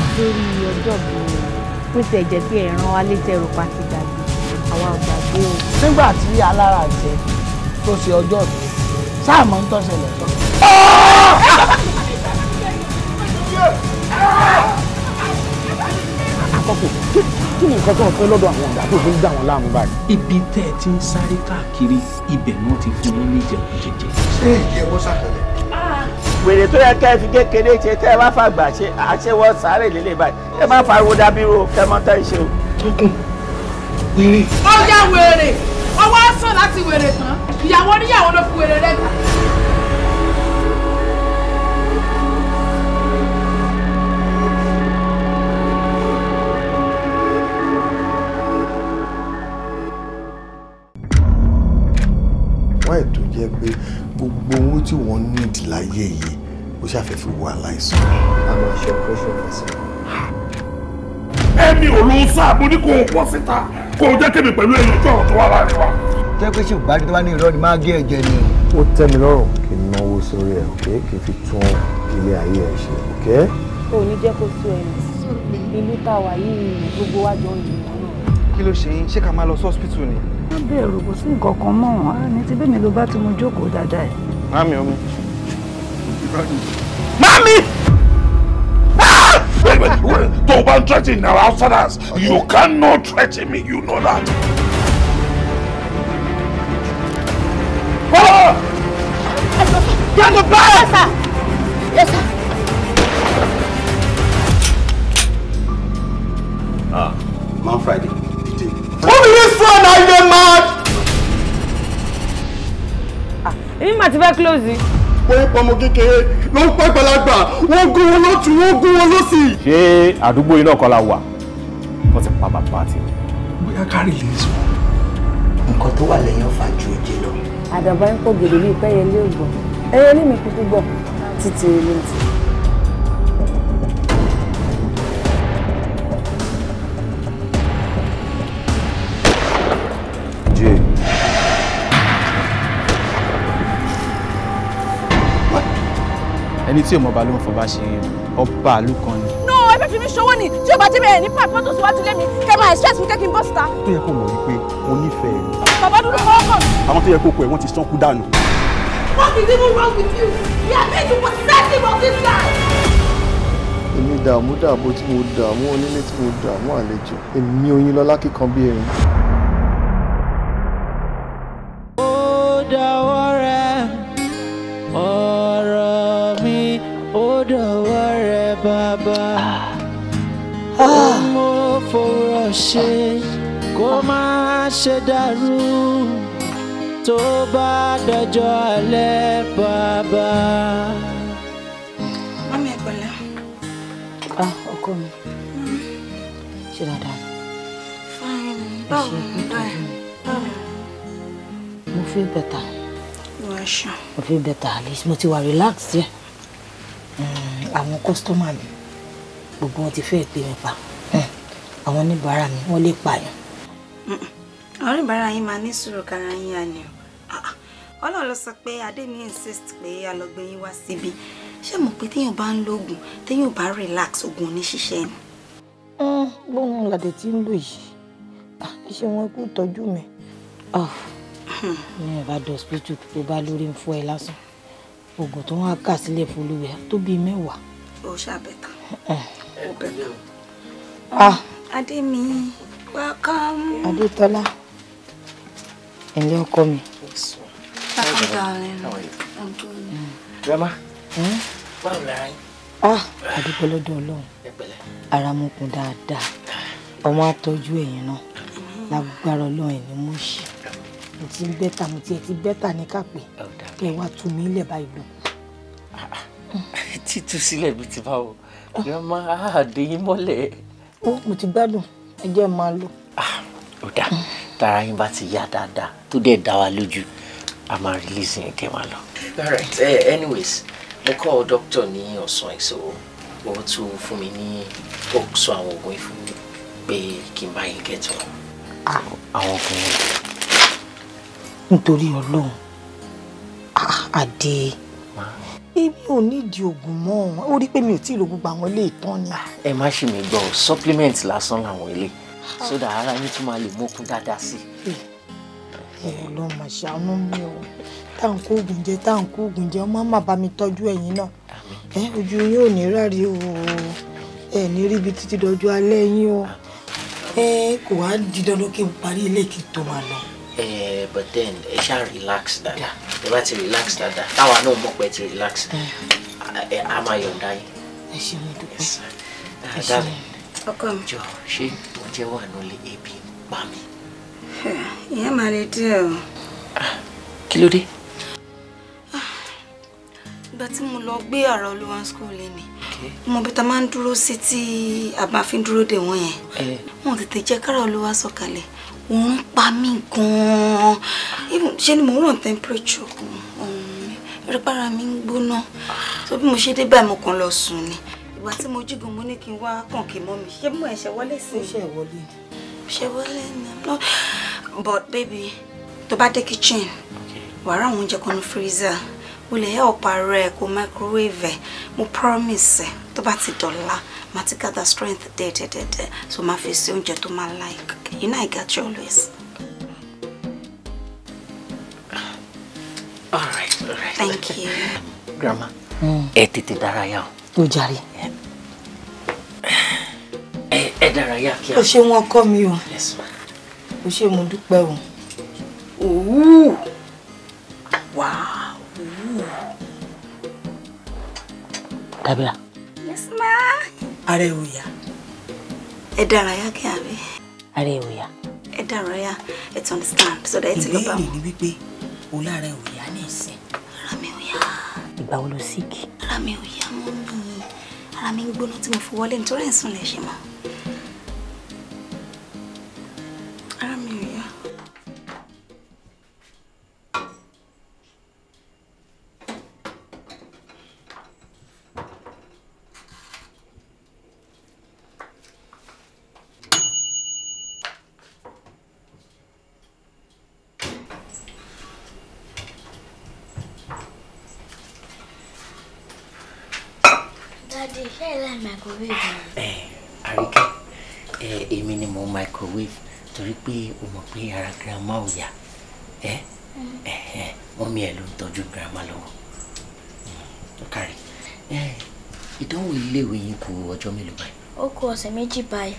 lórí ọjọ́ mi ó ti ẹ̀jẹ̀ pé ẹ̀ràn alẹ́ jẹ́ rọpa ti gbàgbé àwa ò gbàgbé o. nígbà tí alára jẹ tó ṣe ọjọ́ mi sáà mọ́ ń tọ́ṣẹlẹ̀ sọ sọ́kù kí ni nǹkan tó ń fẹ́ lọ́dọ̀ àwọn ọ̀dà tó fi ń dà wọ́n láàmú báyìí. ibi tẹ́ ẹ ti ń sáré káàkiri ibẹ̀ náà ti fún yín ní jẹkújẹjẹ. ṣé ìyẹ wọ́n ṣàkàlẹ̀. wèrè tó yẹ ká ẹ fi kékeré ṣe tẹ́ ẹ bá fàgbà ṣe àṣewọ́ sáré lélẹ̀ báyìí ẹ má fariwo dábíró kẹ mọ́ tẹ́ ṣe o. tókùn wèrè. ọwọ́ sàn láti wèrè tán ìyàwó jẹ́ pé gbogbo owó tí wọ́n nídìí láyé yìí ó ṣàfẹ́fẹ́ wọ aláìsàn. a máa ṣe ọpẹ́ṣọ̀ fún sí. ẹni ò ló ń sá àbò ní kò ń pọ̀ síta kò jẹ́ kébì pẹ̀lú ẹ̀yìn ojú ọ̀rọ̀ tó wà láàrin wa. jẹ́ pé ṣì bá tó bá ní irọ́ ni máa gé ẹ̀jẹ̀ ni. ó tẹ́ mi lọ́rùn kí n náwó sórí ẹ̀ òkè kí n fi tún ilé ayé ẹ̀ ṣe òkè. o ní jẹ́ kó sú ẹ̀yìn ìlú táwa yìí gbogbo wájọ yìí. kí ló ṣe yín ṣé ká máa lọ sí má bẹ̀rù kò sí nǹkan kan mọ́ wọn ní ti bẹ́ẹ̀ mi ló bá ti mu jókòó dáadáa ẹ̀. mami omi mami ah! tó bá ń threaten our outsiders you cannot threaten me you know that. Oh! Get the fire! ti fẹ́ close. wọ́n ń pọmọ kékeré ló ń pẹ́ gbalagbà wọ́n gún wọn lọ́tún wọ́n gún wọn lọ́sì. ṣé àdúgbò yìí náà kọ́ la wà wọ́n ti pa bàbá àti mi. bóyá kárì lè sọ. nǹkan tó wà lẹ́yìn ọ̀fà ju oje lọ. àdàbà ń pọ̀ gèdè bíi pẹ́yẹlé ògbọ̀n ẹyẹlé mi kúkú gbọ̀ títí ilé ti. ẹni tí òmọba ló ń fọba ṣe ọba àlù kan ni. no ẹ fẹ́ fi mí ṣòwò ni tí o bá dé bẹ̀rẹ̀ ní pàpọ̀ tó síwájú lé mi kẹ́ máa expect mi kẹ́kí n bọ́ síta. tó yẹ kó mọ̀ wípé mo nífẹ̀ẹ́ mi. bàbá dúdú kọ́ ọkọ mi. àwọn tó yẹ kó kọ ẹ wọ́n ti sọ́kú dànù. what is even wrong with you? you are made to possess him for this guy. èmi dààmú dààbò tí mo dààmú onílé tí mo dààmú àlejò èmi oyin lọ́lá kíkan bí erin. ṣe kó má ṣe dàrú tó bá dọjọ́ alẹ́ bàbá. mami ẹ pẹ̀lẹ́. ah ọkọ mi mm-hmm. ṣe dáadáa. fine báwo ni báyìí. mo feel better. Russia. mo feel better at least mo ti wà relax díẹ̀. Mm, àwọn kọ́sítọ́mà mi gbogbo wọn ti fẹ́ pè mí pa àwọn oníbàárà mi wọ́n lè pààyàn. àwọn oníbàárà yín máa ní sùúrù kára yín á o ọlọ́run ló sọ pé adémi insist pé a lọ gbé yín wá síbi ṣé mo pé téèyàn bá ń lóògùn téèyàn bá relax oògùn oníṣiṣẹ́ ni. gbóhùn làdè tí ń lò yìí ah, iṣẹ́ wọn kú tọ́jú mi ah. hmm. ní ẹ̀bá dọ̀sípítù tó bá lórí ń fọ́ ẹ lásán oògùn tó wọn kà sílẹ̀ fún olúwẹ̀ tó bíi mẹ́wàá. ó ṣàbẹ̀tà eh. ó bẹ̀tà. Ah. Adémi, welcome. Adétọ́lá, ẹ̀lẹ́ ọkọ mi. Welcome, darling. How are you? I'm good. Mm. Grandma, báwo la yín? Ah, àdúgbò lọ́dọ̀ Ọlọ́run. Ara mo kún dáadáa. Ọmọ àtọ́jú ẹ̀yìn náà. Mm-hmm. Lágbára Ọlọ́run ẹ̀ ni mo ṣe. Mm-hmm. Mo ti ń bẹ́tà, mo ti ẹ̀ ti bẹ́tà ní kàpé. Kẹ́ ẹ wá tu mí lẹ̀ báyìí lọ. Ah, ah. Títú sílẹ̀ bíi ti báwo. Grandma, àdéyín mọ́lẹ̀ ó mo ti gbádùn ẹ jẹ́ máa lọ. Ah, ó dáa tara yín bá ti yá dáadáa tó dẹ̀ dá wa lójú a máa release yín kẹ́ máa lọ. all uh, anyways mo kọ́ doctor ní ọ̀sán yìí so ó tún fún mi ní ó sọ àwọn oògùn yìí fún mi pé kí n bá yín kẹ́tọ̀. àwọn oògùn yẹn. nítorí ọlọ́run àdé èmi ò nídìí oògùn mọ́ ó rí pé mi ò tí ì lo gbogbo àwọn ilé ìtàn ni. ẹ má ṣì mí gbọ́ supplement lásán làwọn ilé ah. sódà ara yín tún máa lè mókun dáadáa sí i. Eh, ẹ lọ mà ṣàánú mi o tá n kó oògùn jẹ tá n kó oògùn jẹ ọmọ má bá mi tọ́jú ẹ̀yin náà ẹ eh, ojú yín ò ní rárí o ẹ ní rí ibi títí dọjú alẹ́ yín o ẹ eh, kò wá di dandan kí n parí ilé kí n tó máa lọ. Eh, but then ẹ ṣáà relax that. ẹ bá ti relax that that. náà mọ̀ pé ti relax ẹ eh. eh, a máa yọ̀ǹda yín. ẹ ṣe mi dúpẹ́ eh, dada ọkọ mi jọ ṣé wọn jẹ wà nílé ebi ń pa mi. ìyẹn máa lè díẹ̀ o. Ah, kí ló dé. Ah, ìgbà school lé ni mo bí ta máa ń dúró sí tí a bá fi ń dúró dè wọ́n yẹn wọn ò tètè jẹ́ kára òun ń pa mí gan-an ṣé ni mò ń ràn temperature rí para mi ń gbóná tó bí mo ṣe dé báyìí mo kàn lọ sùn ni ìgbà tí mo jígun mo ní kí n wá kàn kí mọ́ mi ṣé mo ẹ̀ṣẹ̀ wọlé sí i. ó wọlé ni. ṣe wọlé ni but baby tó bá dé kitchen wàá rà àwọn oúnjẹ kan ní freezer o lè help ara ẹ kó microwave ẹ mo promise ẹ tó bá ti dọ̀la ma ti gather strength dẹ́ẹ̀dẹ́dẹ́dẹ́ so ma fi sí oúnjẹ tó ma like you know I got you always. all right thank you. grandma ẹ tètè dárayá o. o jàre. ẹ ẹ dárayá kí a. o ṣe wọn kọ mi o o ṣe mo dúpẹ́ o. wow. Dábìrà. Yes ma. Ara ẹ̀ ò yá. Ẹ dárayá kí àbí. Ara ẹ̀ ò yá. Ẹ dárayá so that ẹ ti lọ bá wọn. Ìbéèrè ni wípé o lára ẹ̀ ò yá ní ìsìn. Ara mi ò yá. Ìgbà wo lo síkì? Ara mi ò yá mọ́ mi. Ara mi ń gbóná mo fi wọlé nítorí ẹ̀ ń sùn lẹ̀ Ara mi Daddy, ṣé ẹ láì microwave ni? Ẹ Àríkẹ́, ẹ èmi ni mo microwave torí pé o mọ̀ pé ara girama ò yá. Ẹ ẹ mm-hmm. ẹ mọ́mí ẹ ló ń tọ́jú girama lọ́wọ́. Mm, ó kárí. Ìdánwò iléèwé yín kù ọjọ́ mélòó báyìí? Ó kù ọ̀sẹ̀ méjì báyìí.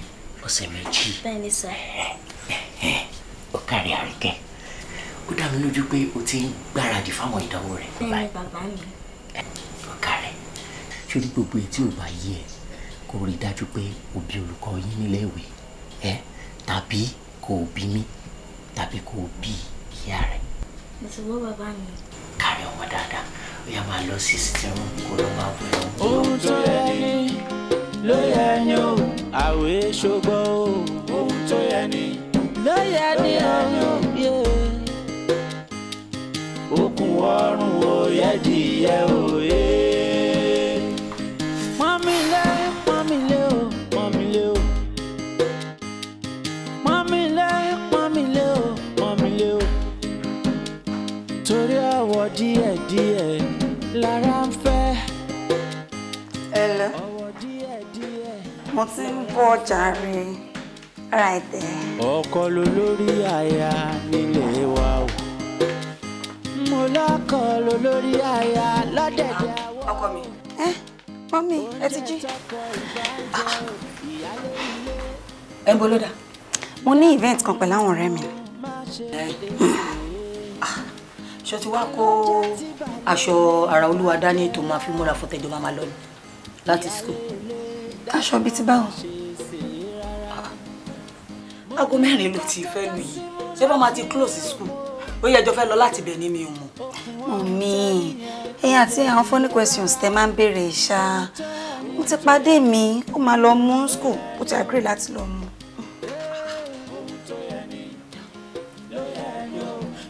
Ọ̀sẹ̀ méjì? Bẹ́ẹ̀ni sà. Ó kárí Àríkẹ́. Ó dá mi lójú pé o ti ń gbáradì fáwọn ìdánwò rẹ̀. Bẹ́ẹ̀ni bàbá mi ṣórí gbogbo ẹ̀ tí ò bá yé ẹ kó rí i dájú pé o olùkọ́ yín nílé ìwé ẹ tàbí kó o bí mi tàbí kó o bí ìyá rẹ. mo ti wọ́ bàbá mi. kárí ọmọ dáadáa ó máa lọ sí sítẹ́rù kó lọ máa wẹ̀ ọ́. ohun tó yẹ ni ló yẹ ni o àwẹ̀ ṣògbọ́n o ohun tó yẹ ni ló yẹ ni o okùn ọrùn ò yẹ dìyẹ òye. lára ń fẹ́. ẹlẹ mo ti ń bọ̀ jàre right there. ọkọ ló lórí aya nílé wa o mo lọkọ ló lórí aya lọdẹdẹ àwọn. ọkọ mi. ẹ mọ́mí ẹ ti jí. ẹ ń bolódà. mo ní event kan pẹ̀lú àwọn ọ̀rẹ́ mi. ẹ ṣé ti wá kó aṣọ ara olúwa dání tó máa fi múra fún tẹjọ máa lọ láti school. aṣọ bíi ti báwọn. Ah, aago mẹ́rin ló ti fẹ́ lù yìí ṣé bá máa ti close school ó yẹ ẹjọ́ fẹ́ lọ láti bẹ̀ ní mi ò mọ̀. mọ̀mí ẹ̀yin àti àwọn funny questions tẹ máa ń béèrè ṣá mo ti pàdé mi ó máa lọ mú school ó ti agree láti lọ mú.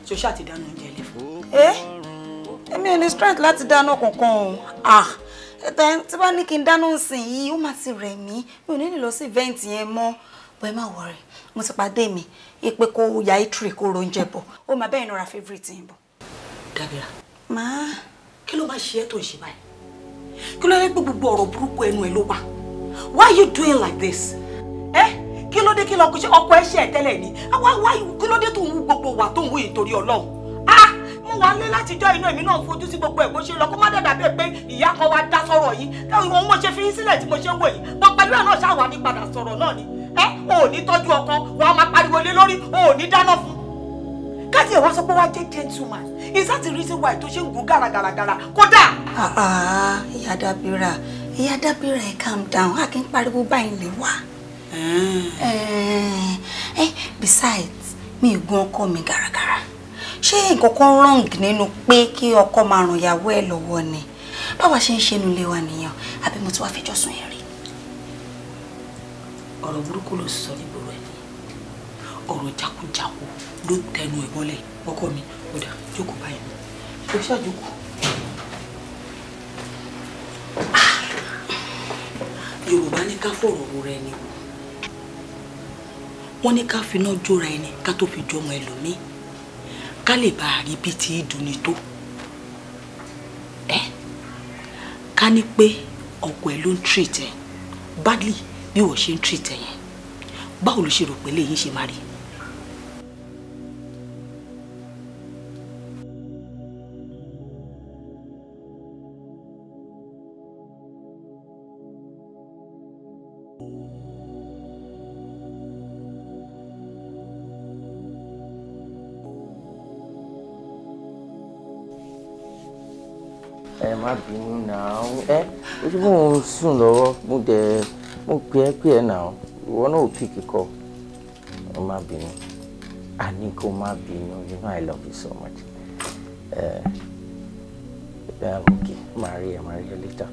ṣoṣà ti dáná ẹ eh? èmi ò ní strength láti dáná kankan o ah tí bá ní kí n dáná nsìn yìí ó máa ti rẹ̀ mí mi ò ní lọ sí event yẹn mọ́ bọ́ má worry mo ti pàdé mi ipe kó ya itri kó roúnjẹ bọ̀ ó máa bẹ́ẹ̀ nira favourite yẹn bọ̀. Dabira máa kí ló máa ṣe ẹ́ tó ń ṣe báyìí kí ló yẹ pé gbogbo ọ̀rọ̀ burúkú ẹnu ẹ ló wà why are you doing like this? Eh? kí ló dé kí lọkọ ṣe ọkọ ẹ ṣe ẹ tẹ́lẹ̀ ni ah, why why kí ló dé tó ń wú gbogbo wa tó ń wú ìtorí Ọlọ́run ń wá lé látijọ́ inú èmi náà fojú sí gbogbo ẹ̀ bó ṣe lọ kó má dàda bẹ́ẹ̀ pé ìyá kan wá dá sọ̀rọ̀ yìí táwọn ohun ṣe fi ń sílẹ̀ tí mo ṣe wò yìí bọ́ pẹ̀lú ẹ̀ náà ṣáà wà sọ̀rọ̀ náà ni ẹ ò ní tọ́jú ọkọ wàá máa pariwo lé lórí ò ní dáná fún káti ẹ̀ wá sọ pé wá jẹ́ gentleman is that the reason why tó ṣe ń gùn gàràgàràgàrà kódà. Ah, ah, ìyá dábìrà ìyá dábìrà ẹ calm down a kì í pariwo báyìí lè wá. Ah. Eh, eh, besides mi gun ọkọ mi gàràgàrà ṣé nǹkan kan wrong nínú pé kí ọkọ máa ràn ìyàwó ẹ lọ́wọ́ ni báwa ṣe ń ṣe nílé wa nìyẹn àbí mo ti wá fẹjọ́ sùn ẹ̀rí. ọ̀rọ̀ burúkú ló sọ nígboro ẹ̀ ọ̀rọ̀ jákujàku ló tẹnu ẹ̀ mọ́lẹ̀ ọkọ mi ó dà jókòó báyìí ó ṣàjókòó. Ah! yorùbá ní ká fọ̀rọ̀ ro rẹ ni wọ́n ní ká finá jóra ẹni ká tó fi jọmọ ẹlòmíì ká lè bá a rí bí ti dunni tó ẹ ká ní pé ọkọ ẹ ló ń treat ẹ badly bí wọ́n ṣe ń treat ẹ yẹn báwo ló ṣe rò pé léyìí ṣe máa rí má bínú náà ẹ ojú mò ń sùn lọ́wọ́ mo dẹ̀ mo pè é pè é náà ìwọ náà ò pìkì kọ ọ má bínú a ní má bínú you know I love you so much uh, yeah, okay Maria Maria later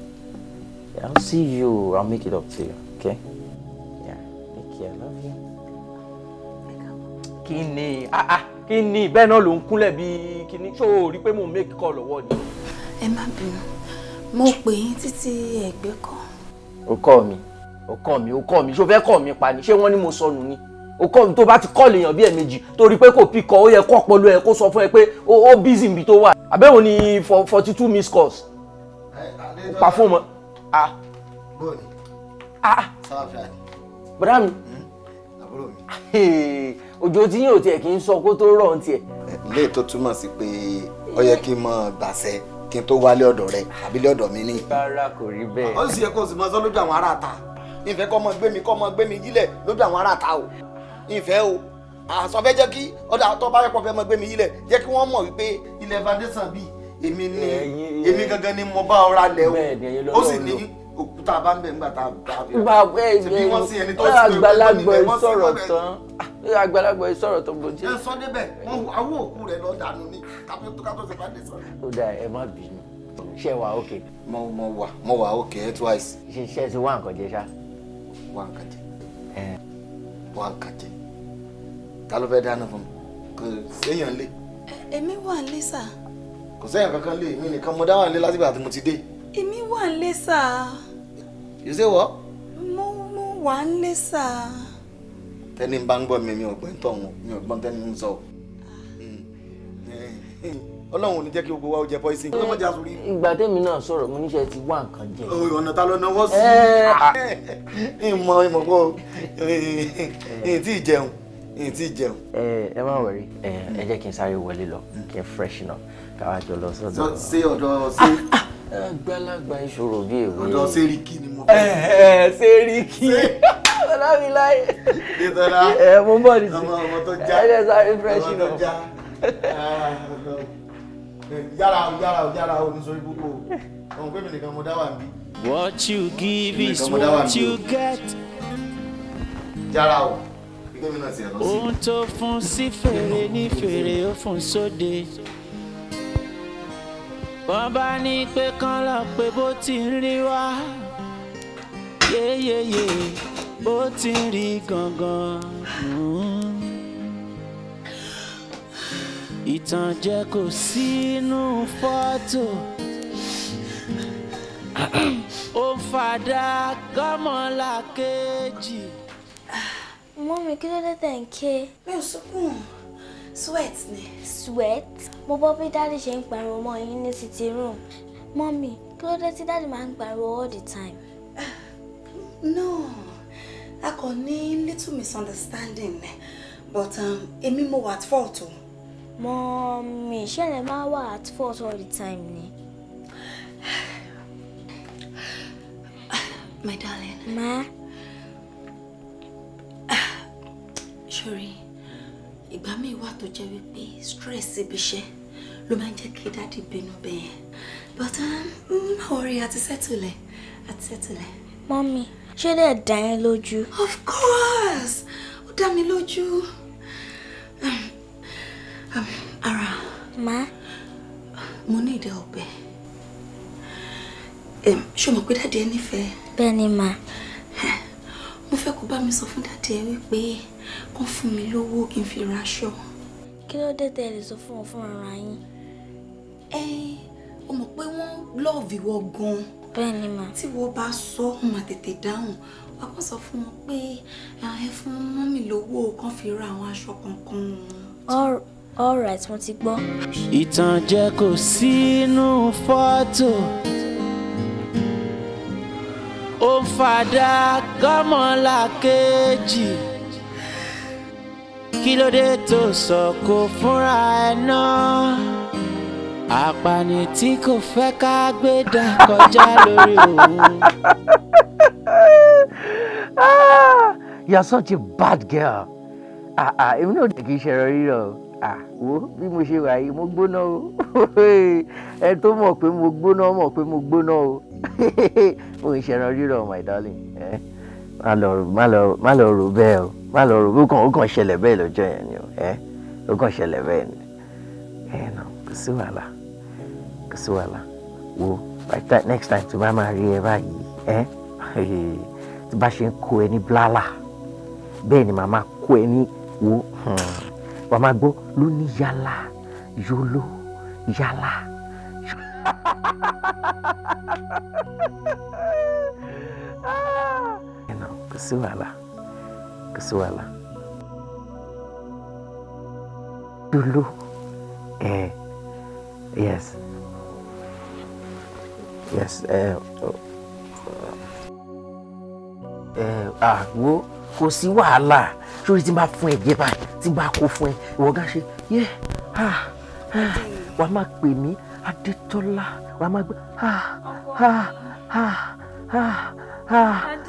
I'll see you I'll make it up to you okay yeah take care I love you. kí ni ah ah kí ni bẹ́ẹ̀ náà ló ń kúnlẹ̀ bíi kí ni ṣó o rí i pé mò make call lọ́wọ́ ni ẹ má bínú mo pè yín títí ẹgbẹ́ kan. o kọ́ mi o kọ́ mi o kọ́ mi ṣó fẹ́ kọ́ mi pa ni ṣé wọ́n ní mo sọnù ni o kọ́ mi tó bá ti kọ́ lèèyàn bí ẹ̀ẹ̀mejì torí pé kò píkọ ó yẹ kó ọpọlọ ẹ kó sọ fún ẹ pé ó bízì níbi tó wà àbẹ̀wò ni forty two miss calls pa fún ọmọ. bóòlì ah. sábàfíà ni. bọ́dá mi. Hmm? àbúrò mi. òjò tí yóò tiẹ̀ kì í sọ kó tó rọ̀ ọ́n tiẹ̀. ilé tó túmọ̀ sí pé ó yẹ kí n mọ̀ gbàṣẹ́ kí n tó wálé ọ̀dọ̀ rẹ àbílẹ̀ ọ̀dọ̀ mi ní. rárá kò rí bẹ́ẹ̀. ó sì yẹ kó o sì máa sọ lójú àwọn ará ta ìfẹ́ kọ́ ọmọ gbé mi kọ́ ọmọ gbé mi yílẹ̀ lójú àwọn ará ta o ìfẹ́ o àsọ fẹ́ jẹ́ kí ọ̀dà tó bá rẹ́pọ̀ fẹ́ ọmọ gbé mi yílẹ̀ jẹ́ kí wọ́n mọ̀ wípé ilẹ̀ foundation bíi èmi ni èmi gangan ni mo bá ọ lẹ̀ o ó sì ní òkúta bá ń bẹ̀ nígbà tá a bá bí i. ṣe bí wọ́n sí ẹni tó ti pé wọ́n ní bẹ́ẹ̀ wọ́n sì sọ̀rọ̀ tán àgbàlagbà yìí sọ̀rọ̀ tó bójú. ẹ sọ débẹ̀ wọn wo àwọn òkú rẹ lọ dànù ni kátó tó kátó ṣe bá dé sọ. ó dà ẹ má bínú ṣe wà òkè. mo mo wà mo wà òkè ẹ twice. ṣe ṣe ti wá nǹkan jẹ ṣá. wá nǹkan jẹ. wá nǹkan jẹ. ta ló fẹ́ dáná fún mi kò séèyàn lé. èmi wà ń lé sà. kò séèyàn kankan lé mi nìkan mo dá wà ń lé látìgbà tí mo ti dé èmi wà ń lé sà. you say what. mo mo wà ń lé sà. tẹ́ni bá ń gbọ́ mi mi ò gbọ́n tọ̀ wọn mi ò gbọ́n tẹ́ni ń sọ. ọlọ́run ò ní jẹ́ kí gbogbo wa ó jẹ poison. ìgbà tẹ́mi náà sọ̀rọ̀ mo níṣẹ́ ti wá nǹkan jẹ. ọ̀nà ta ló náwó sí. Eh. ìmọ̀ ìmọ̀ kó ìtì jẹun ìtì jẹun. Eh, ẹ má wẹ̀rí eh, ẹ jẹ́ kí n sáré wọlé lọ kí n freshen up káwájọ lọ sọ́dọ̀. ṣé ọ̀dọ̀ ṣé. Ah, ah àgbàlagbà ìṣòro bí èwe. ọ̀dọ̀ sẹ́ríkì ni mo fẹ́. ẹ ẹ sẹ́ríkì ọlámiláyé. dètòlá ẹ mo ń bọ̀ nísìnyí ọmọ tó já ẹ ẹ sáré fresh nù. yàrá o yàrá o yàrá o nítorí púpọ̀ ọ̀hún pé mi nìkan mo dá wà níbí. what you give is what you get. yàrá o ohun tó fún sí fèrè ní fèrè ó fún sóde wọ́n bá ní pé kán lọ pé bó ti ń rí wá yéyéyé bó ti ń rí gangan nù. Hmm. ìtànjẹ kò sínú fọ́tò <clears throat> ó fàdà gọ́mọlá kejì. mọ́mí kí ló dé tẹ̀ ń ké. mi ò sọ fún wọn sweat ni. sweat mo gbọ́ bí dáàdì ṣe ń pariwo mọ́ yín ní títí room mọ́mì kí ló dé tí dáàdì máa ń pariwo all the time. Uh, no a kò ní little misunderstanding but um, èmi um, mo wà at fault o. mọ́mì ṣẹlẹ̀ máa wà at fault all the time ni. <sighs> my darling. ma. <sighs> Sorry ìgbà míì wà tó jẹ́ wípé stress ibi iṣẹ́ ló máa ń jẹ́ kí dáàdì bínú bẹ́ẹ̀ but um, má worry àti settle àti settle. mọ́mí ṣé lè dá yín lójú. of course ó dá mi lójú. Um, um, ara. má. mo ní ìdẹ ọbẹ̀. ṣé o mọ̀ pé dáàdì ẹ nífẹ̀ẹ́. bẹ́ẹ̀ ni màá mo fẹ́ kó bá mi sọ fún dáàdì ẹ wípé kán fún mi lówó kí n fi raṣọ. kí ló dé tẹ́ sọ fún wọn fúnra yín. ẹ o mọ̀ pé wọ́n lọ́ọ̀vì wọ gan-an. bẹ́ẹ̀ ni mà. tí wọ́n bá sọ ọ́n máa tètè dáhùn wàá kàn sọ fún wọn pé ẹ fún mọ́mì lówó kán fi ra àwọn aṣọ kankan. all right mo ti gbọ́. ìtànjẹ kò sínú fọ́tò ó ń fàdá gọ́mọ̀lá kí ló dé tó sọ kó fúnra ẹ náà àpàní tí kò fẹ́ ká gbé dá kọjá lórí òun. you are such a bad girl ah, ah, èmi náà dẹ̀ kì í ṣe ẹ̀rọ rírọ̀ ah, wo bí mo ṣe wà yìí mo gbóná o <laughs> ẹ tó mọ̀ pé mo gbóná mọ̀ pé mo gbóná o mo ń rírọ̀ my darling má lọ rò bẹ́ẹ̀ o má lọ rò bẹ́ẹ̀ o kàn ṣẹlẹ̀ bẹ́ẹ̀ lọ́jọ́ yẹn ni o ó kàn ṣẹlẹ̀ bẹ́ẹ̀ ni kò sí wàhálà kò sí wàhálà wo next time tí bá máa rí ẹ báyìí tí bá ṣe ń kó ẹ ní blálà bẹ́ẹ̀ ni màmá kó ẹ ní wo hmm, màmá gbọ́ ló ní yálà yóló yálà kò sí wàhálà Dulu eh, yes yes eh, oh. eh, ah, kò sí wàhálà sórí tí n bá fún ẹ jẹ báyìí tí n bá kó fún ẹ ìwọ Adétọ́lá wàá máa gbé ha ha ha ha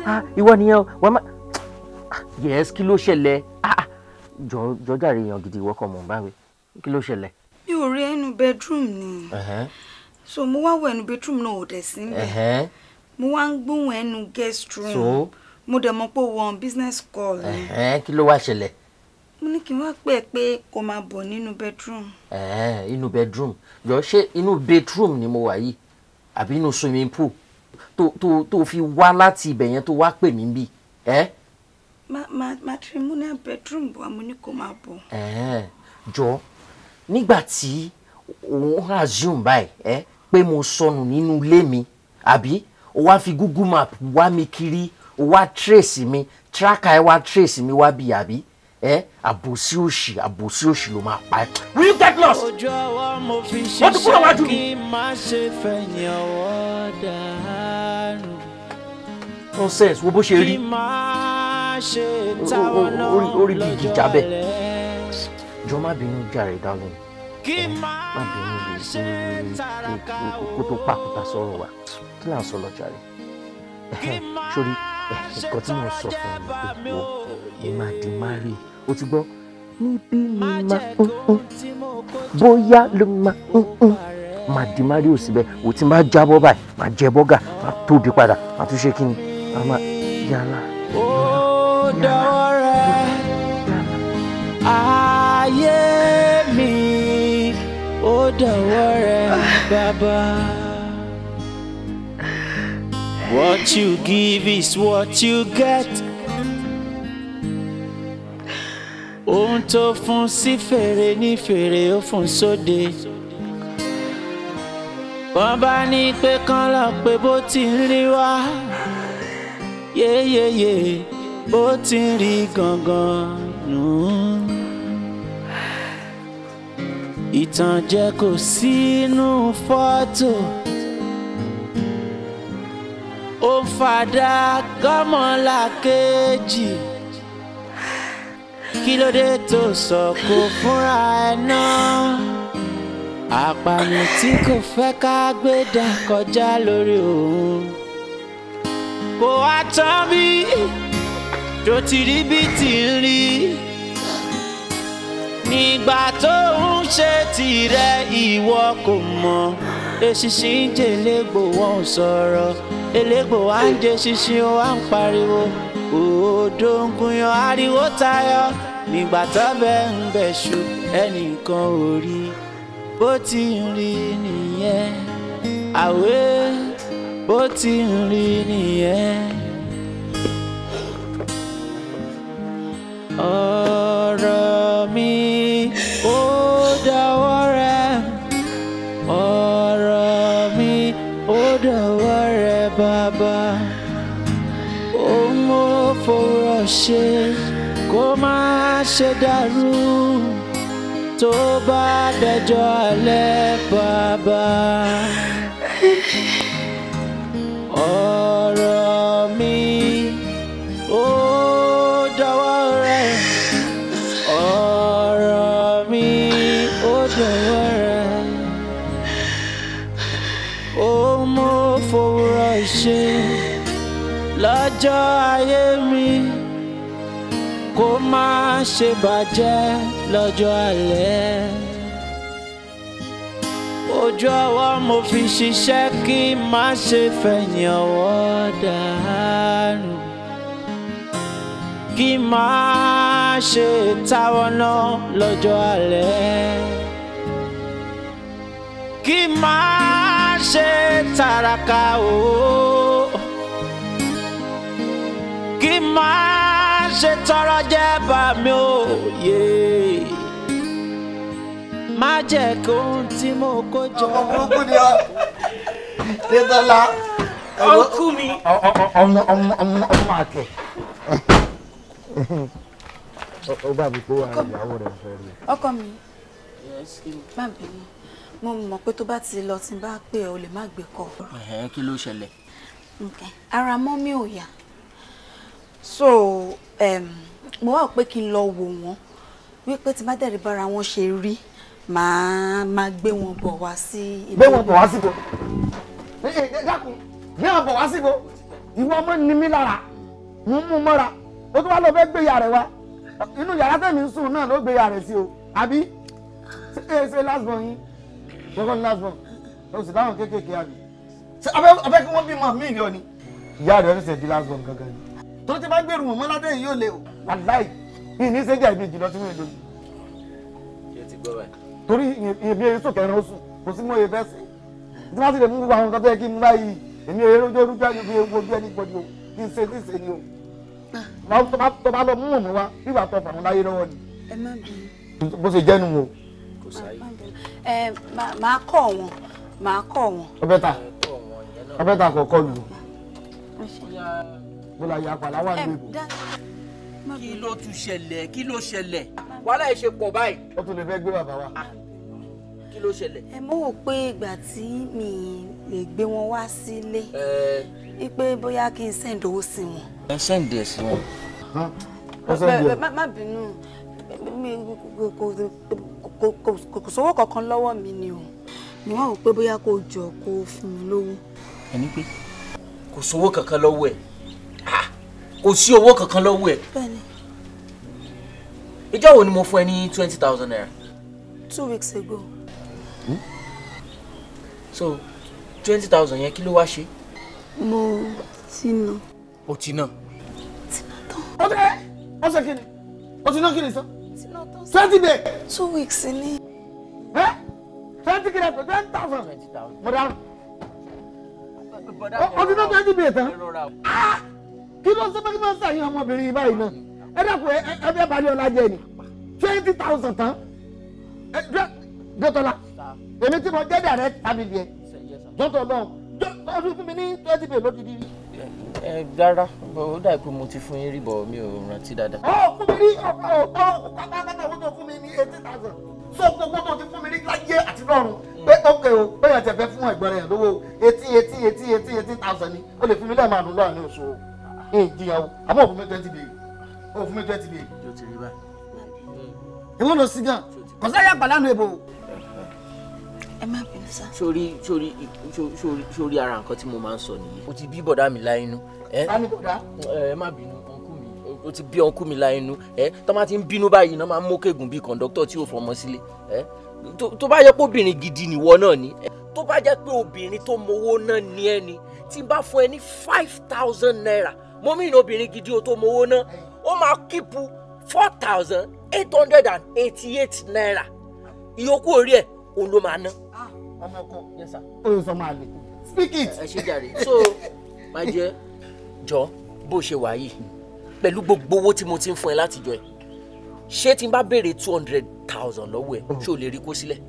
ha ìwọ nìyẹn wàá máa yes kí ló ṣẹlẹ̀ jọ jọjàre èèyàn gidi ìwọ kan mọ̀ n báwe kí ló ṣẹlẹ̀. mi ò rí ẹnu bedroom ni so mo wá wọ ẹnu bedroom náà ò dẹ̀ sí níbẹ̀ mo wá ń gbóhùn ẹnu guest room mo dẹ̀ mọ̀ pé o wọ on business call. kí ló wá ṣẹlẹ̀ mo ní kí n wá pé kó máa bọ̀ nínú bedroom. ẹ ẹ inú bedroom jọ ṣé inú bedroom ni mo wà yìí àbí inú swimming pool tó tó tó fi wá láti ibẹ̀ yẹn tó wá pè mí bí ẹ. matrimonial bedroom wa mo ní kó máa bọ̀. ẹ ẹ jọ nígbà tí òun assume báyìí ẹ pé mo sọnù nínú ilé mi àbí o wá fi google map wá mi kiri o wá trace mi tracker ẹ wá trace mi wá bí àbí ẹ àbòsí òṣì àbòsí òṣì ló máa pa ẹ will you get lost. ojú ọwọ́ mo fi ṣiṣẹ́ kí n má ṣe fẹ̀yìn ọwọ́ dànù. nonsense wo bó ṣe rí ó rí bí igi jábẹ́ jọ má bínú jàre dálóhùn má bínú kó tó pàkúta sọ̀rọ̀ wa kí là ń sọ lọ́jà rẹ̀ sórí nǹkan tí mo sọ fún mi pé mo máa di marry o ti gbọ́ níbí ni ma, ń ń bóyá ló máa ń ń máa di má rí òsì bẹ́ẹ̀ o ti máa jábọ́ báyìí máa jẹ bọ́gà ma tóbi padà máa tún ṣe kí ni a máa yàrá. ó dọwọ́ rẹ̀ What you give is what you get. ohun tó fún sí fèrè ní fèrè ó fún sóde. wọ́n bá ní pé kán lọ pé bó ti ń rí wá yéyéyé bó ti ń rí gangan nù. ìtànjẹ kò sínú fọ́tò ó ń fàdá gọ́mọ̀lá kejì kí ló dé tó sọ kó fúnra ẹ náà àpàmì tí kò fẹ́ ká gbé dà kọjá lórí òun kò wá tán bí tó ti rí bí ti ń rí nígbà tó ń ṣe tirẹ̀ ìwọ kò mọ̀ èsìsì ń jẹ́ elégbò wọn sọ̀rọ̀ elégbò wa ń jẹ́ ṣinṣin wa ń pariwo odò ń gúnyán ariwo tayọ nígbà tọ́bẹ̀ ń bẹ̀ṣù ẹnìkan ò rí bó ti ń rí nìyẹn àwé bó ti ń rí nìyẹn. Oh. ṣe kó má ṣe dàrú tó bá dẹjọ́ alẹ́ bàbá. ọ̀rọ̀ mi ó dọwọ́ rẹ ọ̀rọ̀ mi ó dọwọ́ rẹ ó mú fowórọ̀ ṣe lọ́jọ́ má ṣe bàjẹ́ lọ́jọ́ alẹ́. ojú ọwọ́ mo fi ṣiṣẹ́ kí má ṣe fẹ̀yìn ọwọ́ dànù. kí má ṣe táwọn lọ́jọ́ alẹ́. kí má ṣe tàràkà o. kí má ṣe tọrọ jẹ bá mi ò yé má jẹ́ kó ń tí mo kó jọ. ọmọ burúkú ni ọ Dédọ́lá. ọkú mi. ọmọ ọmọ ọmọ ọmọ àtẹ. ó bá mi kó ara ìyàwó rẹ̀ fẹ́ rí. ọkọ mi má bínú mo mọ̀ pé tó bá ti lọ tí n bá pè ọ́ lè má gbé kọ́. kí ló ṣẹlẹ̀. ara mọ́ mi ò yá so mo wá pé kí n lọ wò wọ́n wípé tí mádẹ́rì bára wọn ṣe rí màá máa gbé wọn bọ̀ wá sí ìlú. gbé wọn bọ̀ wá síbo dákun gbé wọn bọ̀ wá síbo ìwọ ọmọ ni mí lára mo mú mọ́ra ó tún wá lọ fẹ́ gbé ìyá rẹ̀ wá inú yàrá tẹ̀mí ń sùn náà ló gbé ìyá rẹ̀ sí o àbí ṣe ṣe last born yín gbọ́dọ̀ last born o sì dáhùn kéékèèké àbí. abẹ́ kí wọ́n bímọ mí ìlú ni. ìyá rẹ̀ ṣẹ̀ṣẹ̀ di last born gangan ni tó ti bá gbèrú mọ̀mọ́ ládé yìí yóò lè o aláì yìí ní sẹ́jà ibi ìjìnlọ tí mo lè lóyún. torí èmi eré sókè ẹran oṣù kò sí mọ́ ebẹ́ sí tí wọ́n ti lè mú gbogbo àwọn nǹkan tó yẹ kí n bá yìí èmi eré ojú ojú ẹni ewu ojú ẹni gbọdọ kí n ṣe tí ṣe ni o tó bá lọ mú mọ̀mọ́ wa bíbà tó fà wọn láyé lọ́wọ́ ni. bó ṣe jẹ́nu o. máa kọ́ wọn máa kọ́ wọn. ọbẹ̀ ta ọbẹ̀ ta kọ̀ọ̀kọ́ lù mo la ya pàlà wà nílùú ìbò. kí ló tún ṣẹlẹ̀ kí ló ṣẹlẹ̀. wàhálà yìí ṣe pọ̀ báyìí. ó tún lè fẹ́ gbé bàbá wa. Ah, kí ló ṣẹlẹ̀. ẹ mọ̀ wò pé ìgbà tí mi lè gbé wọn wá sílé ni pé bóyá kí n sẹ́ǹdì owó sí wọn. ẹ sẹ́ǹdì ẹ̀ sí wọn. má bínú kò sówó kankan lọ́wọ́ mi ni o ni wọn rò pé bóyá kò jọ kó fún mi lówó. ẹni pé kò sówó kankan lọ́wọ́ ẹ̀ kò sí owó kankan lọ́wọ́ ẹ̀ ìjọ́ wo ni mo fún ẹ ní twenty thousand naira. two weeks ago. Hmm? so twenty thousand yẹn kí ló wá ṣe. mo ti nà. o ti nà. ti nà tán. ọ̀sẹ̀ ẹ̀ o ti nà kí ni sọ. twenty day. two weeks ni. ẹ twenty kìlẹ̀ tó twenty thousand. twenty thousand. mo dáhùn. o ti nà twenty day tán kí ló ń sọ pẹ́kí mọ́sá yín ọmọbìnrin báyìí náà ẹ dàpọ̀ ẹ bẹ́ẹ̀ balẹ̀ ni twenty thousand tán ẹ dẹ́ dọ́tọ́lá èmi tí mo jẹ́ dàrẹ́ tàbí jẹ dọ́tọ̀ lọ́hùn ọdún fún mi ní twenty pay lódìdí. ẹ dára ó dà pé mo ti fún yín rí bọ̀ mi ò rántí dáadáa. ọ fún mi ní ọ̀pọ̀ ọ̀pọ̀ pátápátá fún mi ní eighty thousand so gbogbo tó ti fún mi ní láyé àti lọ́run pé ọkẹ́ o bẹ́ẹ̀ tẹ̀ fẹ́ fún ẹ̀gbọ́n rẹ̀ lówó eighty eighty eighty eighty eighty thousand ni ó lè fún mi lẹ́ẹ̀mọ́ àdúrà ní oṣù ń jìyàwó àbọ̀ òfin mi twenty bìrì òfin mi twenty bìrì. yóò ti rí báyìí. èwo ló sí gan kò sáyà pàdánù èbò. ẹ má bínú sá. sórí sórí sórí sórí ara nǹkan tí mo máa ń sọ nìyí. o ti bí bọ̀dá mi láyé inú. a ní bọ̀dá. ẹ má bínú o ti bí ọkú mi láyé nu ẹ tó máa ti ń bínú báyìí náà máa ń mókègùn bíi kọ̀ǹdọ́tọ̀ tí yóò fọmọ sílé ẹ tó bá yẹ pé obìnrin gidi nìwọ náà ni tó bá jẹ́ pé obìnrin tó mowó náà ní ẹni tí bá fún ẹ ní five thousand naira mo mí ní obìnrin gidi o tó mowó ná ó máa kípu four thousand eight hundred and eighty eight naira ìyókù orí ẹ̀ òun ló máa ná. Ah, ọmọ ẹkọ yes sir. oye sọ máa lè speak it. ẹ ṣe jàre so máa jẹ jọ bó ṣe wà yìí pẹ̀lú gbogbo owó tí mo ti ń fún ẹ látijọ́ ẹ̀ ṣé tí n bá béèrè two hundred thousand lọ́wọ́ ẹ̀ ṣé o lè rí kó sílẹ̀.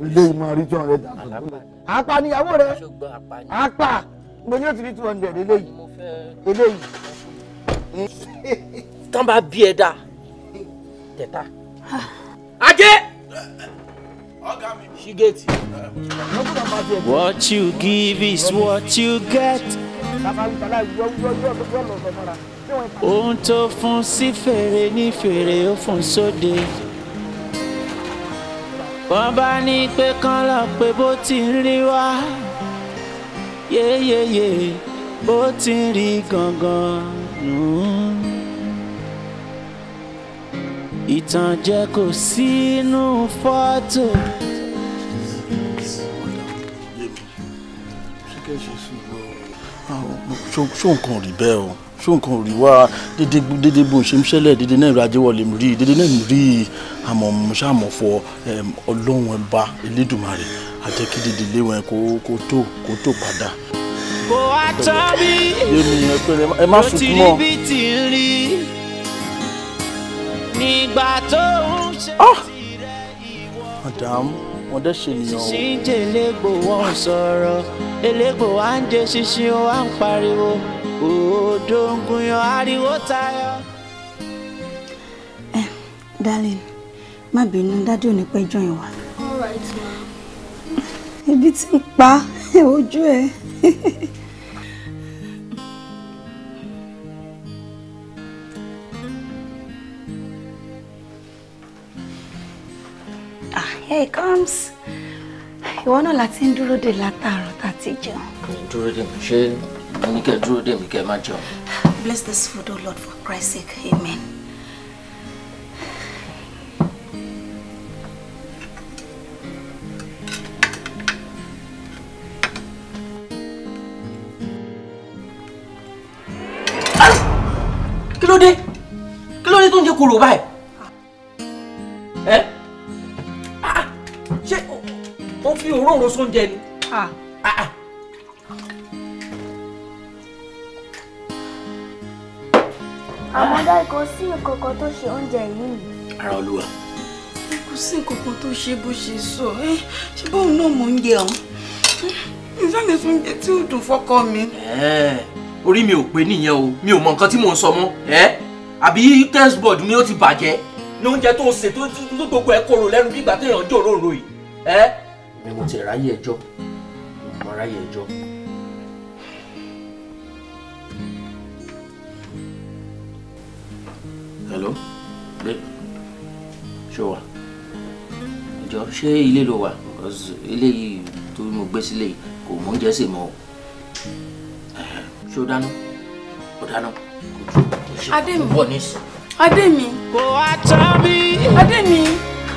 ilé ìmọ̀ rí two hundred thousand. apá níyàwó rẹ̀ apá mo ní o ti rí two hundred eléyìí tán bá bí ẹ dáa tẹ̀ta. ajé. ṣí géètì. what you give is what you get. ohun tó fún sí fèrè ní fèrè ó fún sóde. wọ́n bá ní pé kán lọ pé bó ti ń rí wá yéyéyé. Yeah, yeah, yeah bó ti rí gangan nù ìtànjẹ kò sínú fọ́tò. ṣó nǹkan rí bẹ́ẹ̀ o ṣó nǹkan rí wá dédé bó ṣe ń ṣẹlẹ̀ dédé náà ìrajẹ́ wọlé mi rí dédé náà mi rí àmọ́ mo ṣàmọ̀fọ́ ọlọ́run ẹ̀bá Elédùmarè àjẹkí dédé léwọn kó tó kó tó padà kò wá tán ti rí bí ti rí nígbà tó ń ṣe ah! tirẹ̀ ìwọ. madam wọn dẹ ṣe nìyẹn o. ṣíṣí ń jẹ elégbò wọn ò sọ̀rọ̀ elégbò wa ń jẹ ṣíṣí wa ń pariwo òòdó ń gunyan ariwo tayọ. ẹ eh, darling má bínú dádì ò ní pẹ́ jọyìn wa. all ń pa ojú ẹ. <laughs> here he comes. Ìwọ náà láti ń dúró dè látàárọ̀ tá a ti jẹun. Dúró dè mí, ṣé mo ní kẹ́ dúró dè mí kẹ́ má jẹun? Bless this food, O oh Lord, for Christ's sake. Amen. kí ló dé kí ló dé tó ń jẹ koro báyìí ẹ fi òróró sóúnjẹ ni. àmọ́dá kò sí nǹkan kan tó ṣe oúnjẹ yìí. ara olúwa. kò sí nǹkan kan tó ṣe bó ṣe sọ ẹ ṣe bóun náà mò ń jẹ ọ̀hún ìsáni sóúnjẹ tí ó dùn fọ́kọ mi. orí mi ò pé nìyẹn o mi ò mọ nǹkan tí mò ń sọ mọ́ àbí textboard mi ó ti bàjẹ́ ní oúnjẹ tó ń ṣe tó gbogbo ẹ̀ korò lẹ́nu bí ìgbà téèyàn jòrò òrò yìí ni mo ti ráyè ẹjọ́ mo ráyè ẹjọ́. hello babe ṣé o wà ìjọ ṣé ilé ló wà ilé yìí tó mo gbé sílé yìí kò mọ oúnjẹ sè mọ́ o ṣé o dáná o dáná adé mi bọ̀ ní sùn. adé mi.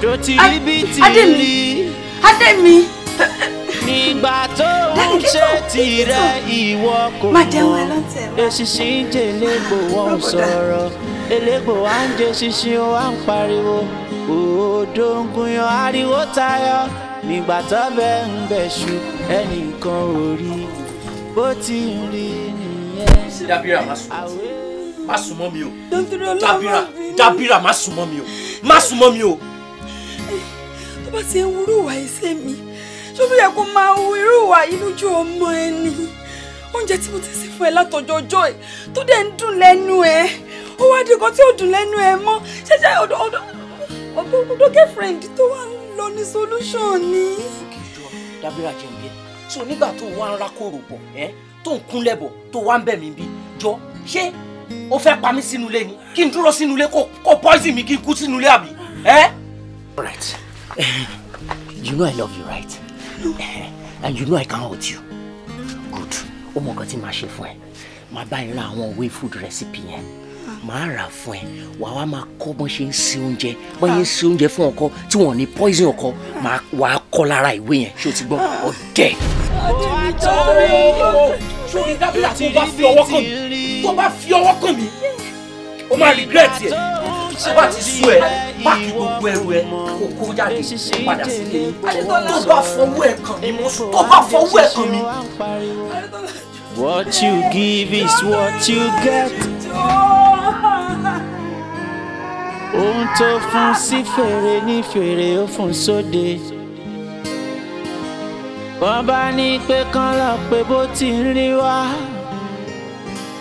kò Adémi. Nígbà tó ń ṣe tirẹ̀ ìwọ kò mọ̀, èsìsì ń jẹ elégbò wọn sọ̀rọ̀, elégbò wa ń jẹ ṣinṣin wa ń pariwo, òòdó ń gúnyán ariwo tayọ, nígbà tó bẹ́ ń bẹ̀ṣù ẹnìkan ò rí, bó ti ń rí nìyẹn. Dábìrà má sùn, má sùn mọ́ mi o. Dábìrà, Dábìrà má sùn mọ́ mi o, má sùn mọ́ mi o tó bá ti ń wúrú ìwà ẹsẹ̀ mi ṣó ló yẹ kó máa hu irú ìwà yìí lójú ọmọ ẹni oúnjẹ tí mo ti sè fún ẹ látọjọ́ ọjọ́ ẹ tó dẹ̀ ń dùn lẹ́nu ẹ ó wá di nǹkan tí ò dùn lẹ́nu ẹ mọ́ ṣẹṣẹ ọdọ ọdọ ọdọ ọdọ girlfriend tó wà ń lọ ní solution ni. dábìrà jẹun yẹn so nígbà tó wá ń rákòrò bọ̀ ẹ́ tó ń kúnlẹ̀ bọ̀ tó wá ń bẹ̀ mí bí jọ ṣé o fẹ́ pa mí sínú ilé ni kí n dúró sínú ilé kó poison mi kí n kú sínú ilé àbí. Right. <laughs> you know I love you, right? <laughs> And you know I can't hold you. Good. Ó mọ nǹkan tí màá ṣe fún ẹ. Màá bá way food recipe yẹn. Màá rà fún ma Wàá wá máa kọ́ bọ́n ṣe ń se oúnjẹ. Bọ́n ṣe ń se oúnjẹ fún ọkọ tí wọ́n ní poison ọkọ. Màá wàá kọ́ lára ìwé yẹn. Ṣé o ti gbọ́? Ọ̀dẹ̀. Ṣé dábìlà tó bá fi ọwọ́ kàn mí? Tó fi ọwọ́ kàn mí? O máa regret yẹn tó bá ti sú ẹ páàkì gbogbo ẹrù ẹ kó kó jáde padà sílé yìí tó bá fọwọ́ ẹ kàn mí tó bá fọwọ́ ẹ kàn mí. What you give is what you get. Ohun tó fún sí fèrè ní fèrè ó fún sóde. Wọ́n bá ní pé kán lọ pé bó ti ń rí wá.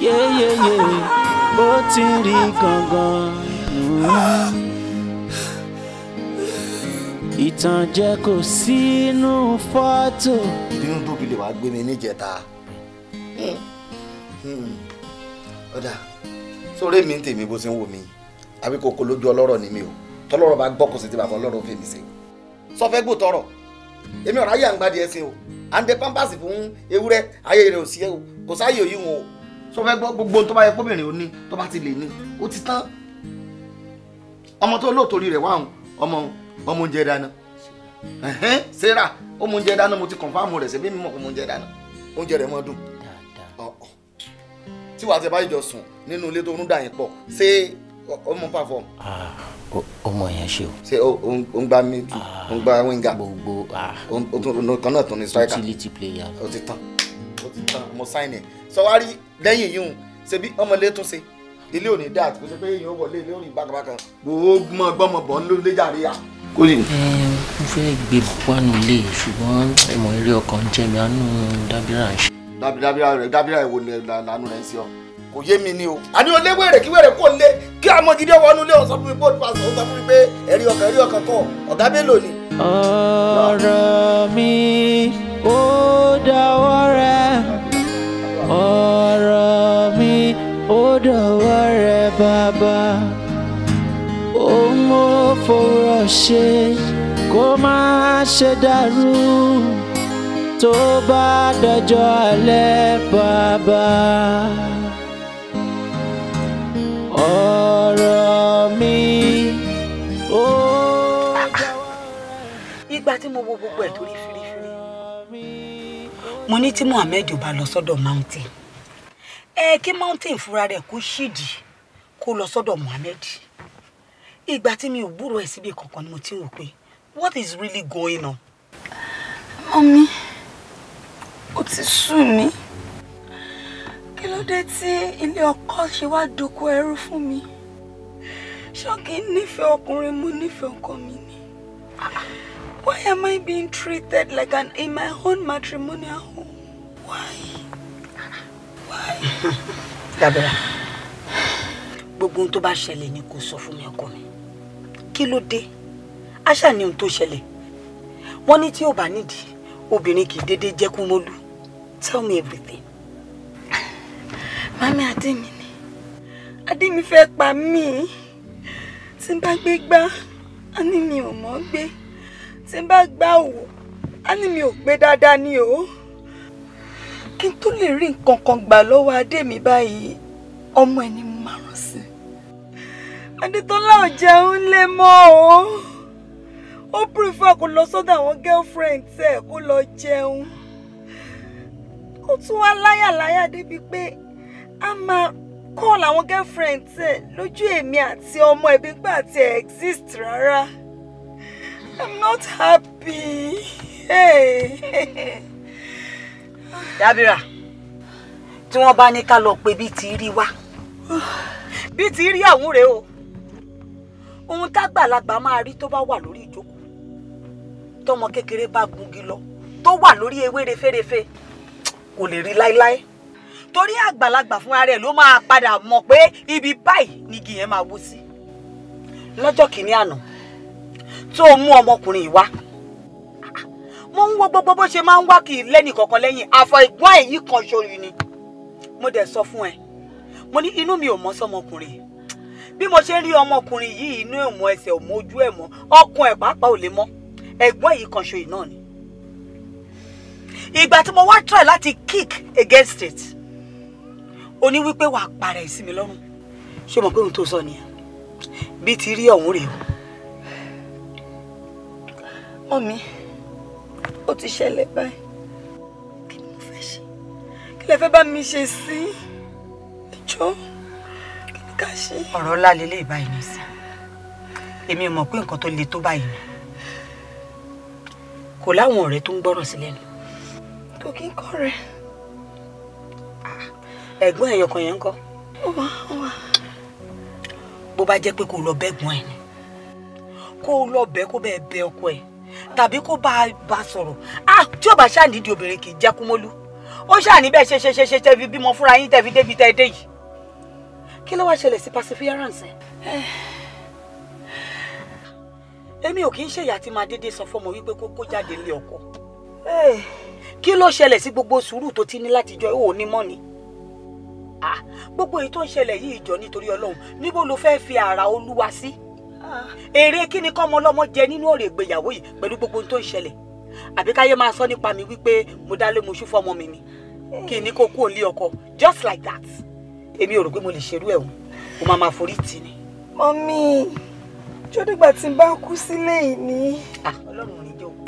Yéyéyé bó ti ń rí gangan ìtànjẹ kò sínú fọ́tò. ìbínú tóbi lè wá gbé mi níjẹta hmm. ọ̀dà sórí mi ń tèmi bó ṣe ń wò mí àbí kòkó lójú ọlọ́rọ̀ ni mi o tọ́lọ́rọ̀ bá gbọ́ kò sí ti bàbá ọlọ́rọ̀ fèmí sí sọ fẹ́ gbò tọrọ èmi ọ̀rọ̀ ayé à ń gbádìí ẹsìn o à ń dẹ pampers fún ewúrẹ́ ayé rẹ̀ ò sí ẹ o kò sáyè òyìn wọn o sọ fẹ́ gbọ́ gbogbo tó bá yẹ kóbìnrin ò ní tó bá ti lè ní ó ti tán ọmọ tó lóòtórí rẹ̀ wáhùn ọmọ ọmọ oúnjẹ dáná sarah ọmọ oúnjẹ dáná mo ti kọ̀nfàmù rẹ̀ ṣe bí mímọ̀ ọmọ oúnjẹ dáná oúnjẹ rẹ̀ mọ́ dùn tí wàá ti bá ìjọ sùn nínú ilé tó ń dà yín pọ̀ ṣé ọmọ pàfọ́m. ọmọ yẹn ṣe o. ṣé o ń gba midu o ń gba winga. gbogbo kan náà tún ni striker. utility player. o ti tán o ti tán mo sign ẹ sọ wá rí lẹ́yìn yìí ṣebí ọmọ ilé tún ṣe ilé òní dà kó ṣe pé èèyàn wọlé ilé òní bákàbákà gbogbo gbọmọ bọ̀ ló lé jàre yà. kó lè. mo fẹ́ gbé pọ́nù lé ṣùgbọ́n ẹ̀mọ̀ eré ọkàn jẹ́ mi àánú dábìrà ń ṣe. dábìrà rẹ dábìrà ìwo lànà rẹ ń ṣe ọ kò yé mi ni o. àní olé wèrè kí wèrè kò lé kí amọ̀gídé wọnú lé ọ̀sán fún mi bóòdù pàṣẹ ọ̀sán fún mi pé ẹ̀rí ọkàn ẹ̀rí ọkàn kọ ọ̀gá mélòó ni. ọ̀rọ̀ mi ó dáwọ́ rẹ̀ ọ̀ bàbá òun ò fọ̀rọ̀ ṣe kó má ṣe dàrú tó bá dọjọ́ alẹ́ bàbá ọ̀rọ̀ mi ó jà wá. ìgbà tí mo wo gbogbo ẹ̀ torí firifiri mo ní tí Mohammed ò bá lọ sọ́dọ̀ mountain ẹ kí mountain fúnra rẹ̀ kó ṣídìí kó lọ sọ́dọ̀ Mohammed ìgbà tí mi ò gbúrò ẹ̀ síbi kankan ni mo ti rò pé what is really going on. mọ́mí ó ti sú mi kí ló dé tí ilé ọkọ ṣe wá doko ẹrú fún mi ṣọ́ọ̀kì nífẹ̀ẹ́ ọkùnrin mo nífẹ̀ẹ́ ọkọ mi ni why am I being treated like an in my own matrimonial home why why. <laughs> Dabira gbogbo ohun tó bá ṣẹlẹ̀ ni kò sọ fún mi ọkọ mi kí ló dé àṣà ni ohun tó ṣẹlẹ̀ wọ́n ní tí ò bá nídìí obìnrin kì í déédéé jẹ́kú mólú tell me everything. mami adémi ni adémi fẹ́ pa mí tí n bá gbé gbá á ní mi ò mọ́ gbé tí n bá gbá òwò á ní mi ò gbé dáadáa ni o kí n tó lè rí nǹkan kan gbà lọ́wọ́ adémi báyìí ọmọ ẹni Adétọ́lá ò jẹun lé mọ́ o. Ó prefer kó lọ sọ́dọ̀ àwọn girlfriend ẹ̀ kó lọ jẹun. Ó tún wá láyàláyà débi pé a máa call àwọn girlfriend ẹ̀ lójú èmi àti ọmọ ẹ̀bí gbà tí ẹ̀ exist rárá. I'm not happy. Hey. <laughs> Dábìrà, tí wọ́n bá ní ká lọ pé bíi ti rí wá. Bíi ti rí àwọn o ohun tágbàlagbà máa rí tó bá wà lórí ìjókòó tọmọ kékeré bá gungi lọ tó wà lórí ewé reférefe kò lè rí láéláé torí àgbàlagbà fúnra rẹ̀ ló máa padà mọ̀ pé ibi báyìí nìgì yẹn máa wó sí lọ́jọ́ kìíní àná tó o mú ọmọkùnrin yìí wá mo ń wo gbogbo bó ṣe máa ń wá kì í lẹ́nì kankan lẹ́yìn àfọ ìgbọ́n èyí kan ṣorí ni mo dẹ̀ sọ fún ẹ mo ní inú mi ò mọ́ sọmọkùnrin yìí bí mo ṣe ń rí ọmọkùnrin yìí inú ẹ̀ mọ́ ẹsẹ̀ ò mójú ẹ̀ mọ́ ọkàn ẹ̀ pàápàá ò lè mọ́ ẹ̀gbọ́n yìí kan ṣoyìn náà ni. ìgbà tí mo wá try láti kick against it o ní wípé wàá para ẹ̀ sí mi lọ́rùn ṣé mo pé òun tó sọ nìyẹn bí ti rí ọ̀hún rèé o. mọ́mí ó ti ṣẹlẹ̀ báyìí kí ni mo fẹ́ ṣe kí lẹ fẹ́ bá mi ṣe sí ẹjọ́. Káṣí. ọ̀rọ̀ ńlá lélẹ́yìí báyìí ní sí èmi ò mọ̀ pé nǹkan tó le tó báyìí ni kò láwọn ọ̀rẹ́ tó ń gbọ́ràn sí lẹ́nu. kò kí n kọ́ rẹ̀. Ah, ẹ̀gbọ́n ẹ̀yàn kan yẹn ń kọ́. ó wà ó wà. bó bá jẹ́ pé kó lọ bẹ́gbọ́n ẹ̀ ni kó lọ bẹ́ kó bẹ́ẹ̀ bẹ ọkọ ẹ̀ tàbí kó bá a sọ̀rọ̀ ah, tí ó bá ṣáà nídìí obìnrin kì í jẹ́ kúmọ́lú ó ṣáà ṣe ṣe ṣe ṣe fi bímọ fúnra yín tẹ́ fi débi tẹ́ dé yìí kí ló wá ṣẹlẹ̀ sí perseverance ẹ̀ eh. èmi ò kì í ṣèyà tí máa dédé sọ fọmọ wípé kó kó jáde lé ọkọ eh. kí ló ṣẹlẹ̀ sí gbogbo sùúrù tó ti ní látijọ́ ò ní ni ah, gbogbo èyí tó ń ṣẹlẹ̀ yìí ìjọ nítorí ọlọ́run níbo ló fẹ́ fi ara olúwa sí ah. èrè kí ni kọ́mọ ọlọ́mọ jẹ nínú ọ̀rẹ́ ìgbéyàwó yìí pẹ̀lú gbogbo ohun tó ń ṣẹlẹ̀ àbí káyé máa sọ nípa mi wípé mo dá lé mo ṣú fọmọ mi ni eh. kí ni kó kú òun ọkọ just like that èmi ò rò pé mo lè ṣerú ẹ̀ o mo máa máa forí tì ní. mọ́mí jó nígbà tí n bá kú sílé yìí ni. Ah, ọlọ́run ò ní jẹ́ òkú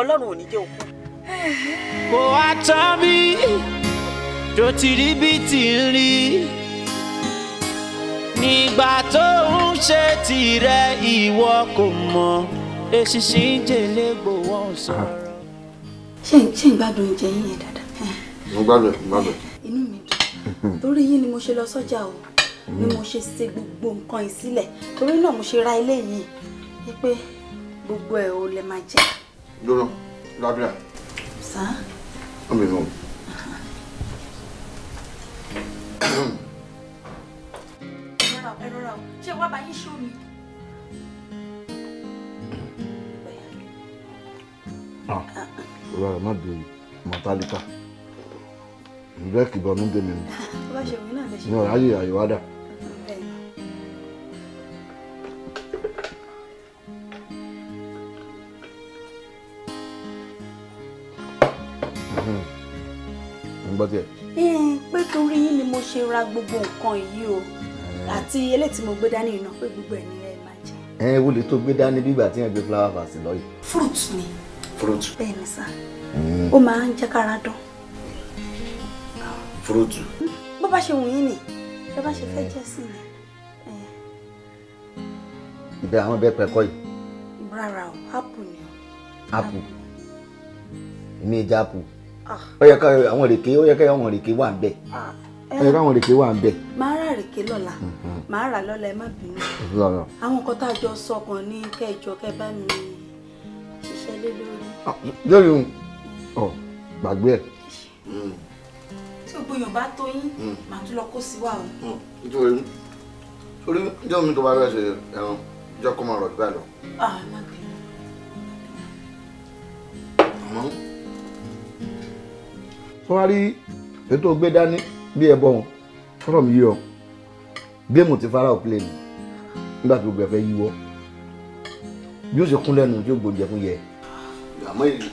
ọlọ́run ò ní jẹ́ òkú. kò wá tọ́ mi tó ti rí bí ti ń rí nígbà tó ń ṣe tirẹ̀ ìwọ kò mọ̀ èsì sì ń jèlé gbòwọ́ sọ̀rọ̀. Ah. ṣé ń gbádùn oúnjẹ yín yẹn dáadáa. mo gbádùn ẹ mo gbádùn ẹ. inú mi dùn. Mm. torí yín ni mo ṣe lọ sọ́jà o ni mm. mo ṣe ṣe gbogbo nǹkan yìí sílẹ̀ torí náà mo ṣe ra ilé yìí pé gbogbo ẹ̀ o lè máa jẹ. lọ́nà lábíà. sá. ọmọ ìlú. ẹ rọra o ṣé wàá bá yín ṣó mi. Ah, rárá má bèrè mọ̀tálíkà bírèkì bọ̀ mí tèmi ni mi ò ráyè àyíwádà. gbọ́ tiẹ̀. pé torí yín ni mo ṣe ra gbogbo nǹkan yìí o àti eléyìí tí mo gbé dání iná pé gbogbo ẹ̀ nílẹ̀ máa jẹ. ẹ wo lè tó gbé dání bí ìgbà tí yẹn gbé flower vase lọ yìí. fruit ni. fruit. bẹ́ẹ̀ ni sá hmm. ó máa ń jẹ́ kára dán fúrúùtù. bó bá ṣe wù yín ni bó bá ṣe fẹ́ jẹ́ sí ni. ìbẹ̀ àwọn bẹ́ẹ̀ pẹ́kọ́ yìí. rárá o ápù ni o. ápù èmi ìjà ápù ah. ó yẹ ká àwọn òrèké ó yẹ ká àwọn òrèké wà ń bẹ̀ ah. ó yẹ ká àwọn òrèké wà ń bẹ̀. máa rà òrèké lọ́la máa mhm. rà lọ́la ẹ má bínú. àwọn nǹkan tá a jọ sọ kan ní kẹjọ kẹ bá mi ṣiṣẹ́ lé lórí. Ah, lórí o gbàgbé ẹ gbogbo èèyàn bá tó yín hmm. màá tún lọ kó sí wa o. Hmm. nítorí orí ìjọ mi tó bá rẹ̀ ṣe ẹran ìjọ kó máa rọ̀ jù báyìí lọ. Ah, tó wá rí ètò gbé dání bí ẹbọ wọn fọlọ mi yí ọ géèmù ti fara ò pléènì nígbà tó gbẹfẹ yíwọ bí ó ṣe kún lẹ́nu tí ó gbòjẹ fún yẹ. àmọ́ ìlú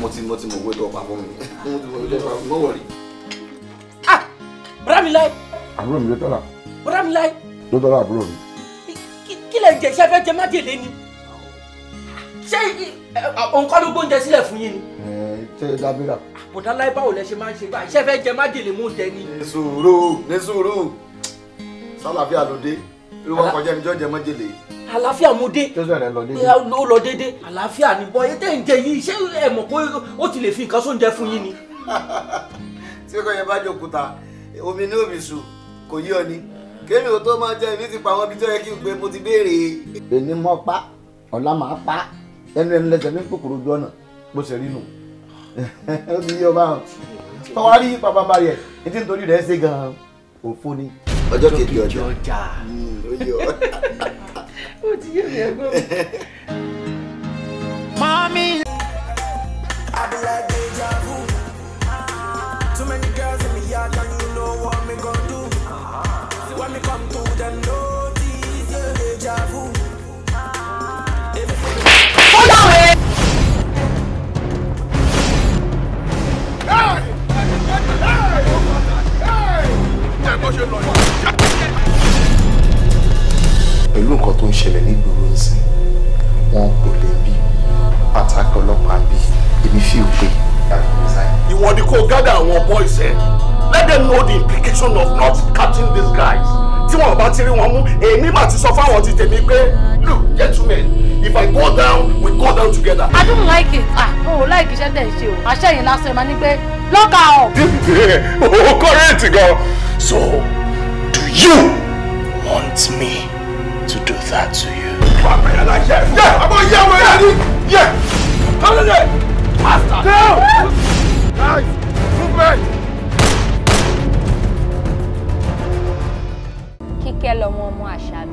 mo ti mo ti mọ̀ wé tó <laughs> ọ̀pá fún mi mo ti mọ̀ wé tó ọ̀pá fún mi mọ̀ wọ̀rí mi láì. àbúrò mi ló tọ́lá. bọ́dá mi láì. ló tọ́lá àbúrò mi. kí lè jẹ iṣẹ́ fẹ́ jẹ májèlé ni ṣé òǹkọ́ ló gbóúnjẹ sílẹ̀ fún yín ni. ẹ ṣe dábìrà. bọ́dá láì báwo lẹ ṣe máa ń ṣe báyìí iṣẹ́ fẹ́ jẹ májèlé mú jẹ ni. ní sùúrù ní sùúrù sálàfíà ló dé irú wọn kọjá ẹni jọ jẹ májèlé àlàáfíà mo dé ó lọ déédéé àlàáfíà ni bọ́ ètè ń jẹ yìí ṣé ẹ mọ̀ pé ó ti lè fi nǹkan sóúnjẹ fún yín ni. <laughs> tí kò yẹ bá jòkúta omi ní omi sùn kò yí ọ ni kémi ò tó máa jẹ èmi ti pa àwọn ibi tó yẹ kí n gbé mo ti béèrè. èmi mọ pa ọ̀la máa pa ẹnu ẹnu lẹsẹ̀ mi kòkòrò ojú ọ̀nà bó ṣe rí nù <laughs> ó ti yí ọba hàn tọ́wá rí pàpàpà rẹ̀ etí nítorí rẹ̀ ṣe gan-an òfo ni. ọjọ́ kejì ọjà mm, <laughs> ó ti yé mi ẹgbẹ́ mi. mọ́mí. bó ṣe lọ yìí. pẹ̀lú nǹkan tó ń ṣẹlẹ̀ nígboro nsìn wọn kò lè bí pàtàkì ọlọ́pàá bí èmi fi ò pé. ìwọ ni kò gádà àwọn boys ẹ let them know the implication of not catching these guys tí wọn bá ti rí wọn mú èmi mà ti sọ fáwọn ti tèmi pé look gentlemen If I go down, we go down together. I don't like it. Ah, mo ò like iṣẹ́ tẹ̀ ṣe o. Àṣẹ yìí lásán ẹ̀ máa ní pé lọ́kà ọ̀. <laughs> Ó kọ́rẹ́ẹ̀tì gan-an. So, do you want me to do that to you? Yeah, I'm gonna yell at you! Yeah! Come in there! Bastard! Down! Guys, movement! Kíkẹ́ lọmọ ọmọ àṣà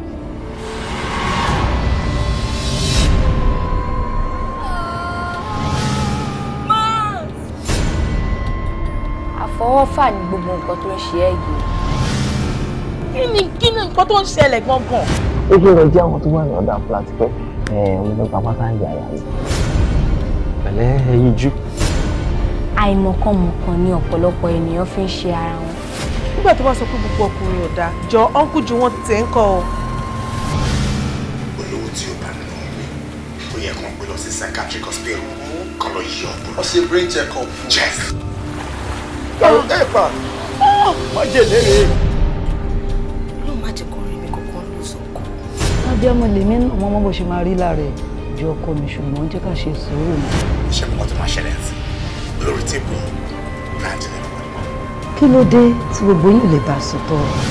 fọwọ́ fà ní gbogbo nǹkan tó ń ṣe ẹ́ yìí. kí ni kí ni nǹkan tó ń ṣẹlẹ̀ gangan. ó ṣe rẹ̀ jẹ́ àwọn tó wà ní ọ̀dà flat pé mo fẹ́ pa pátá ìyá rẹ̀ àná. pẹ̀lẹ́ ẹyin jú. àìmọ̀kànmọ̀kàn ni ọ̀pọ̀lọpọ̀ ènìyàn fi ń ṣe ara wọn. nígbà tó bá sọ pé gbogbo ọkùnrin ọ̀dà jọ ọ́nkú ju wọn tẹ̀ ń kọ́ ọ. olówó tí ó bá nù mí ó yẹ kàn gbé lọ sí psychiatric hospital kọ́ lọ yí ọ̀pọ̀. ó ṣe brain lárúkẹ́ ìpà wọ́n jẹ lére. ọlọ́run má jẹ́ kó rí mi kankan lóṣù kan. abiyamọ lèmi náà mọ bó ṣe máa rí lára ẹ ju ọkọ mi ṣùgbọ́n jẹ́ ká ṣe sùúrù mi. ṣé mo kàn tó máa ṣẹlẹ̀ àti lórí téèpù yìí brand lè wà. kí ló dé tí gbogbo yín lè bá a sọ̀tọ̀ rẹ̀.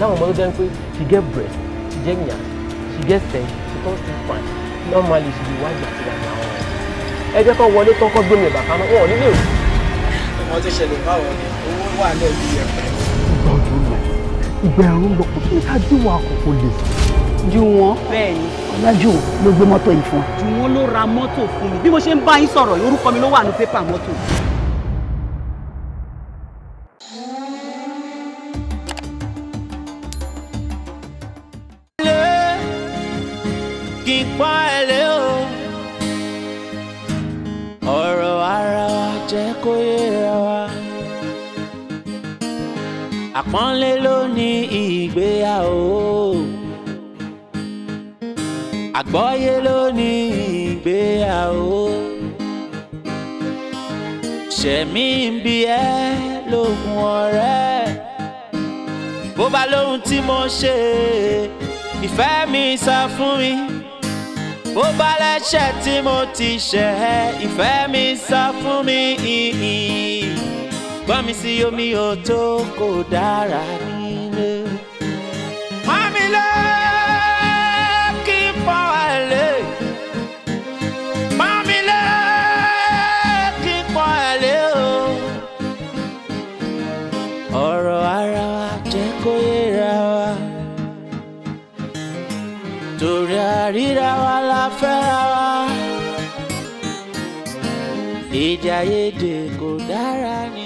láwọn ọmọ tó dẹ́ pé she get breast she get yan she get stem she come still fine normally she be wise like that now. ẹ jẹ́ kó wọlé tán kó gbé mi bàkánná wọn ò nílé òkú nǹkan tó ṣẹlẹ̀ báwọn ni owó wà náà bí ẹ̀pẹ́. lọ ìgbẹ̀rún lọ kó tó ká díwọ̀ àkókò lè. Jùwọ́n bẹ́ẹ̀ ni. ọlájú ló gbé mọ́tò yìí fún. Jùwọ́n ló ra mọ́tò fún mi bí mo ṣe ń bá yín sọ̀rọ̀ orúkọ mi ló wà ní pépà mọ́tò. àpọ́nlé ló ní ìgbéyàwó àgbọ́yé ló ní ìgbéyàwó ṣẹ̀mí ń bi ẹ́ lóògùn ọ̀rẹ́ bó bá lóhun tí mo ṣe ìfẹ́ mi sá fún mi bó bá lẹ́ṣẹ̀ tí mo ti ṣẹ̀ ìfẹ́ mi sá fún mi gbọ́n mi sí omi ò tó kò dára nílé. mami lé kí n fọ àlè. mami lé kí n fọ àlè o. ọ̀rọ̀ ara wa jẹ́ kó yẹra wa. torí àríra wa la fẹ́ra wa. èdè àìyedè kò dára ní.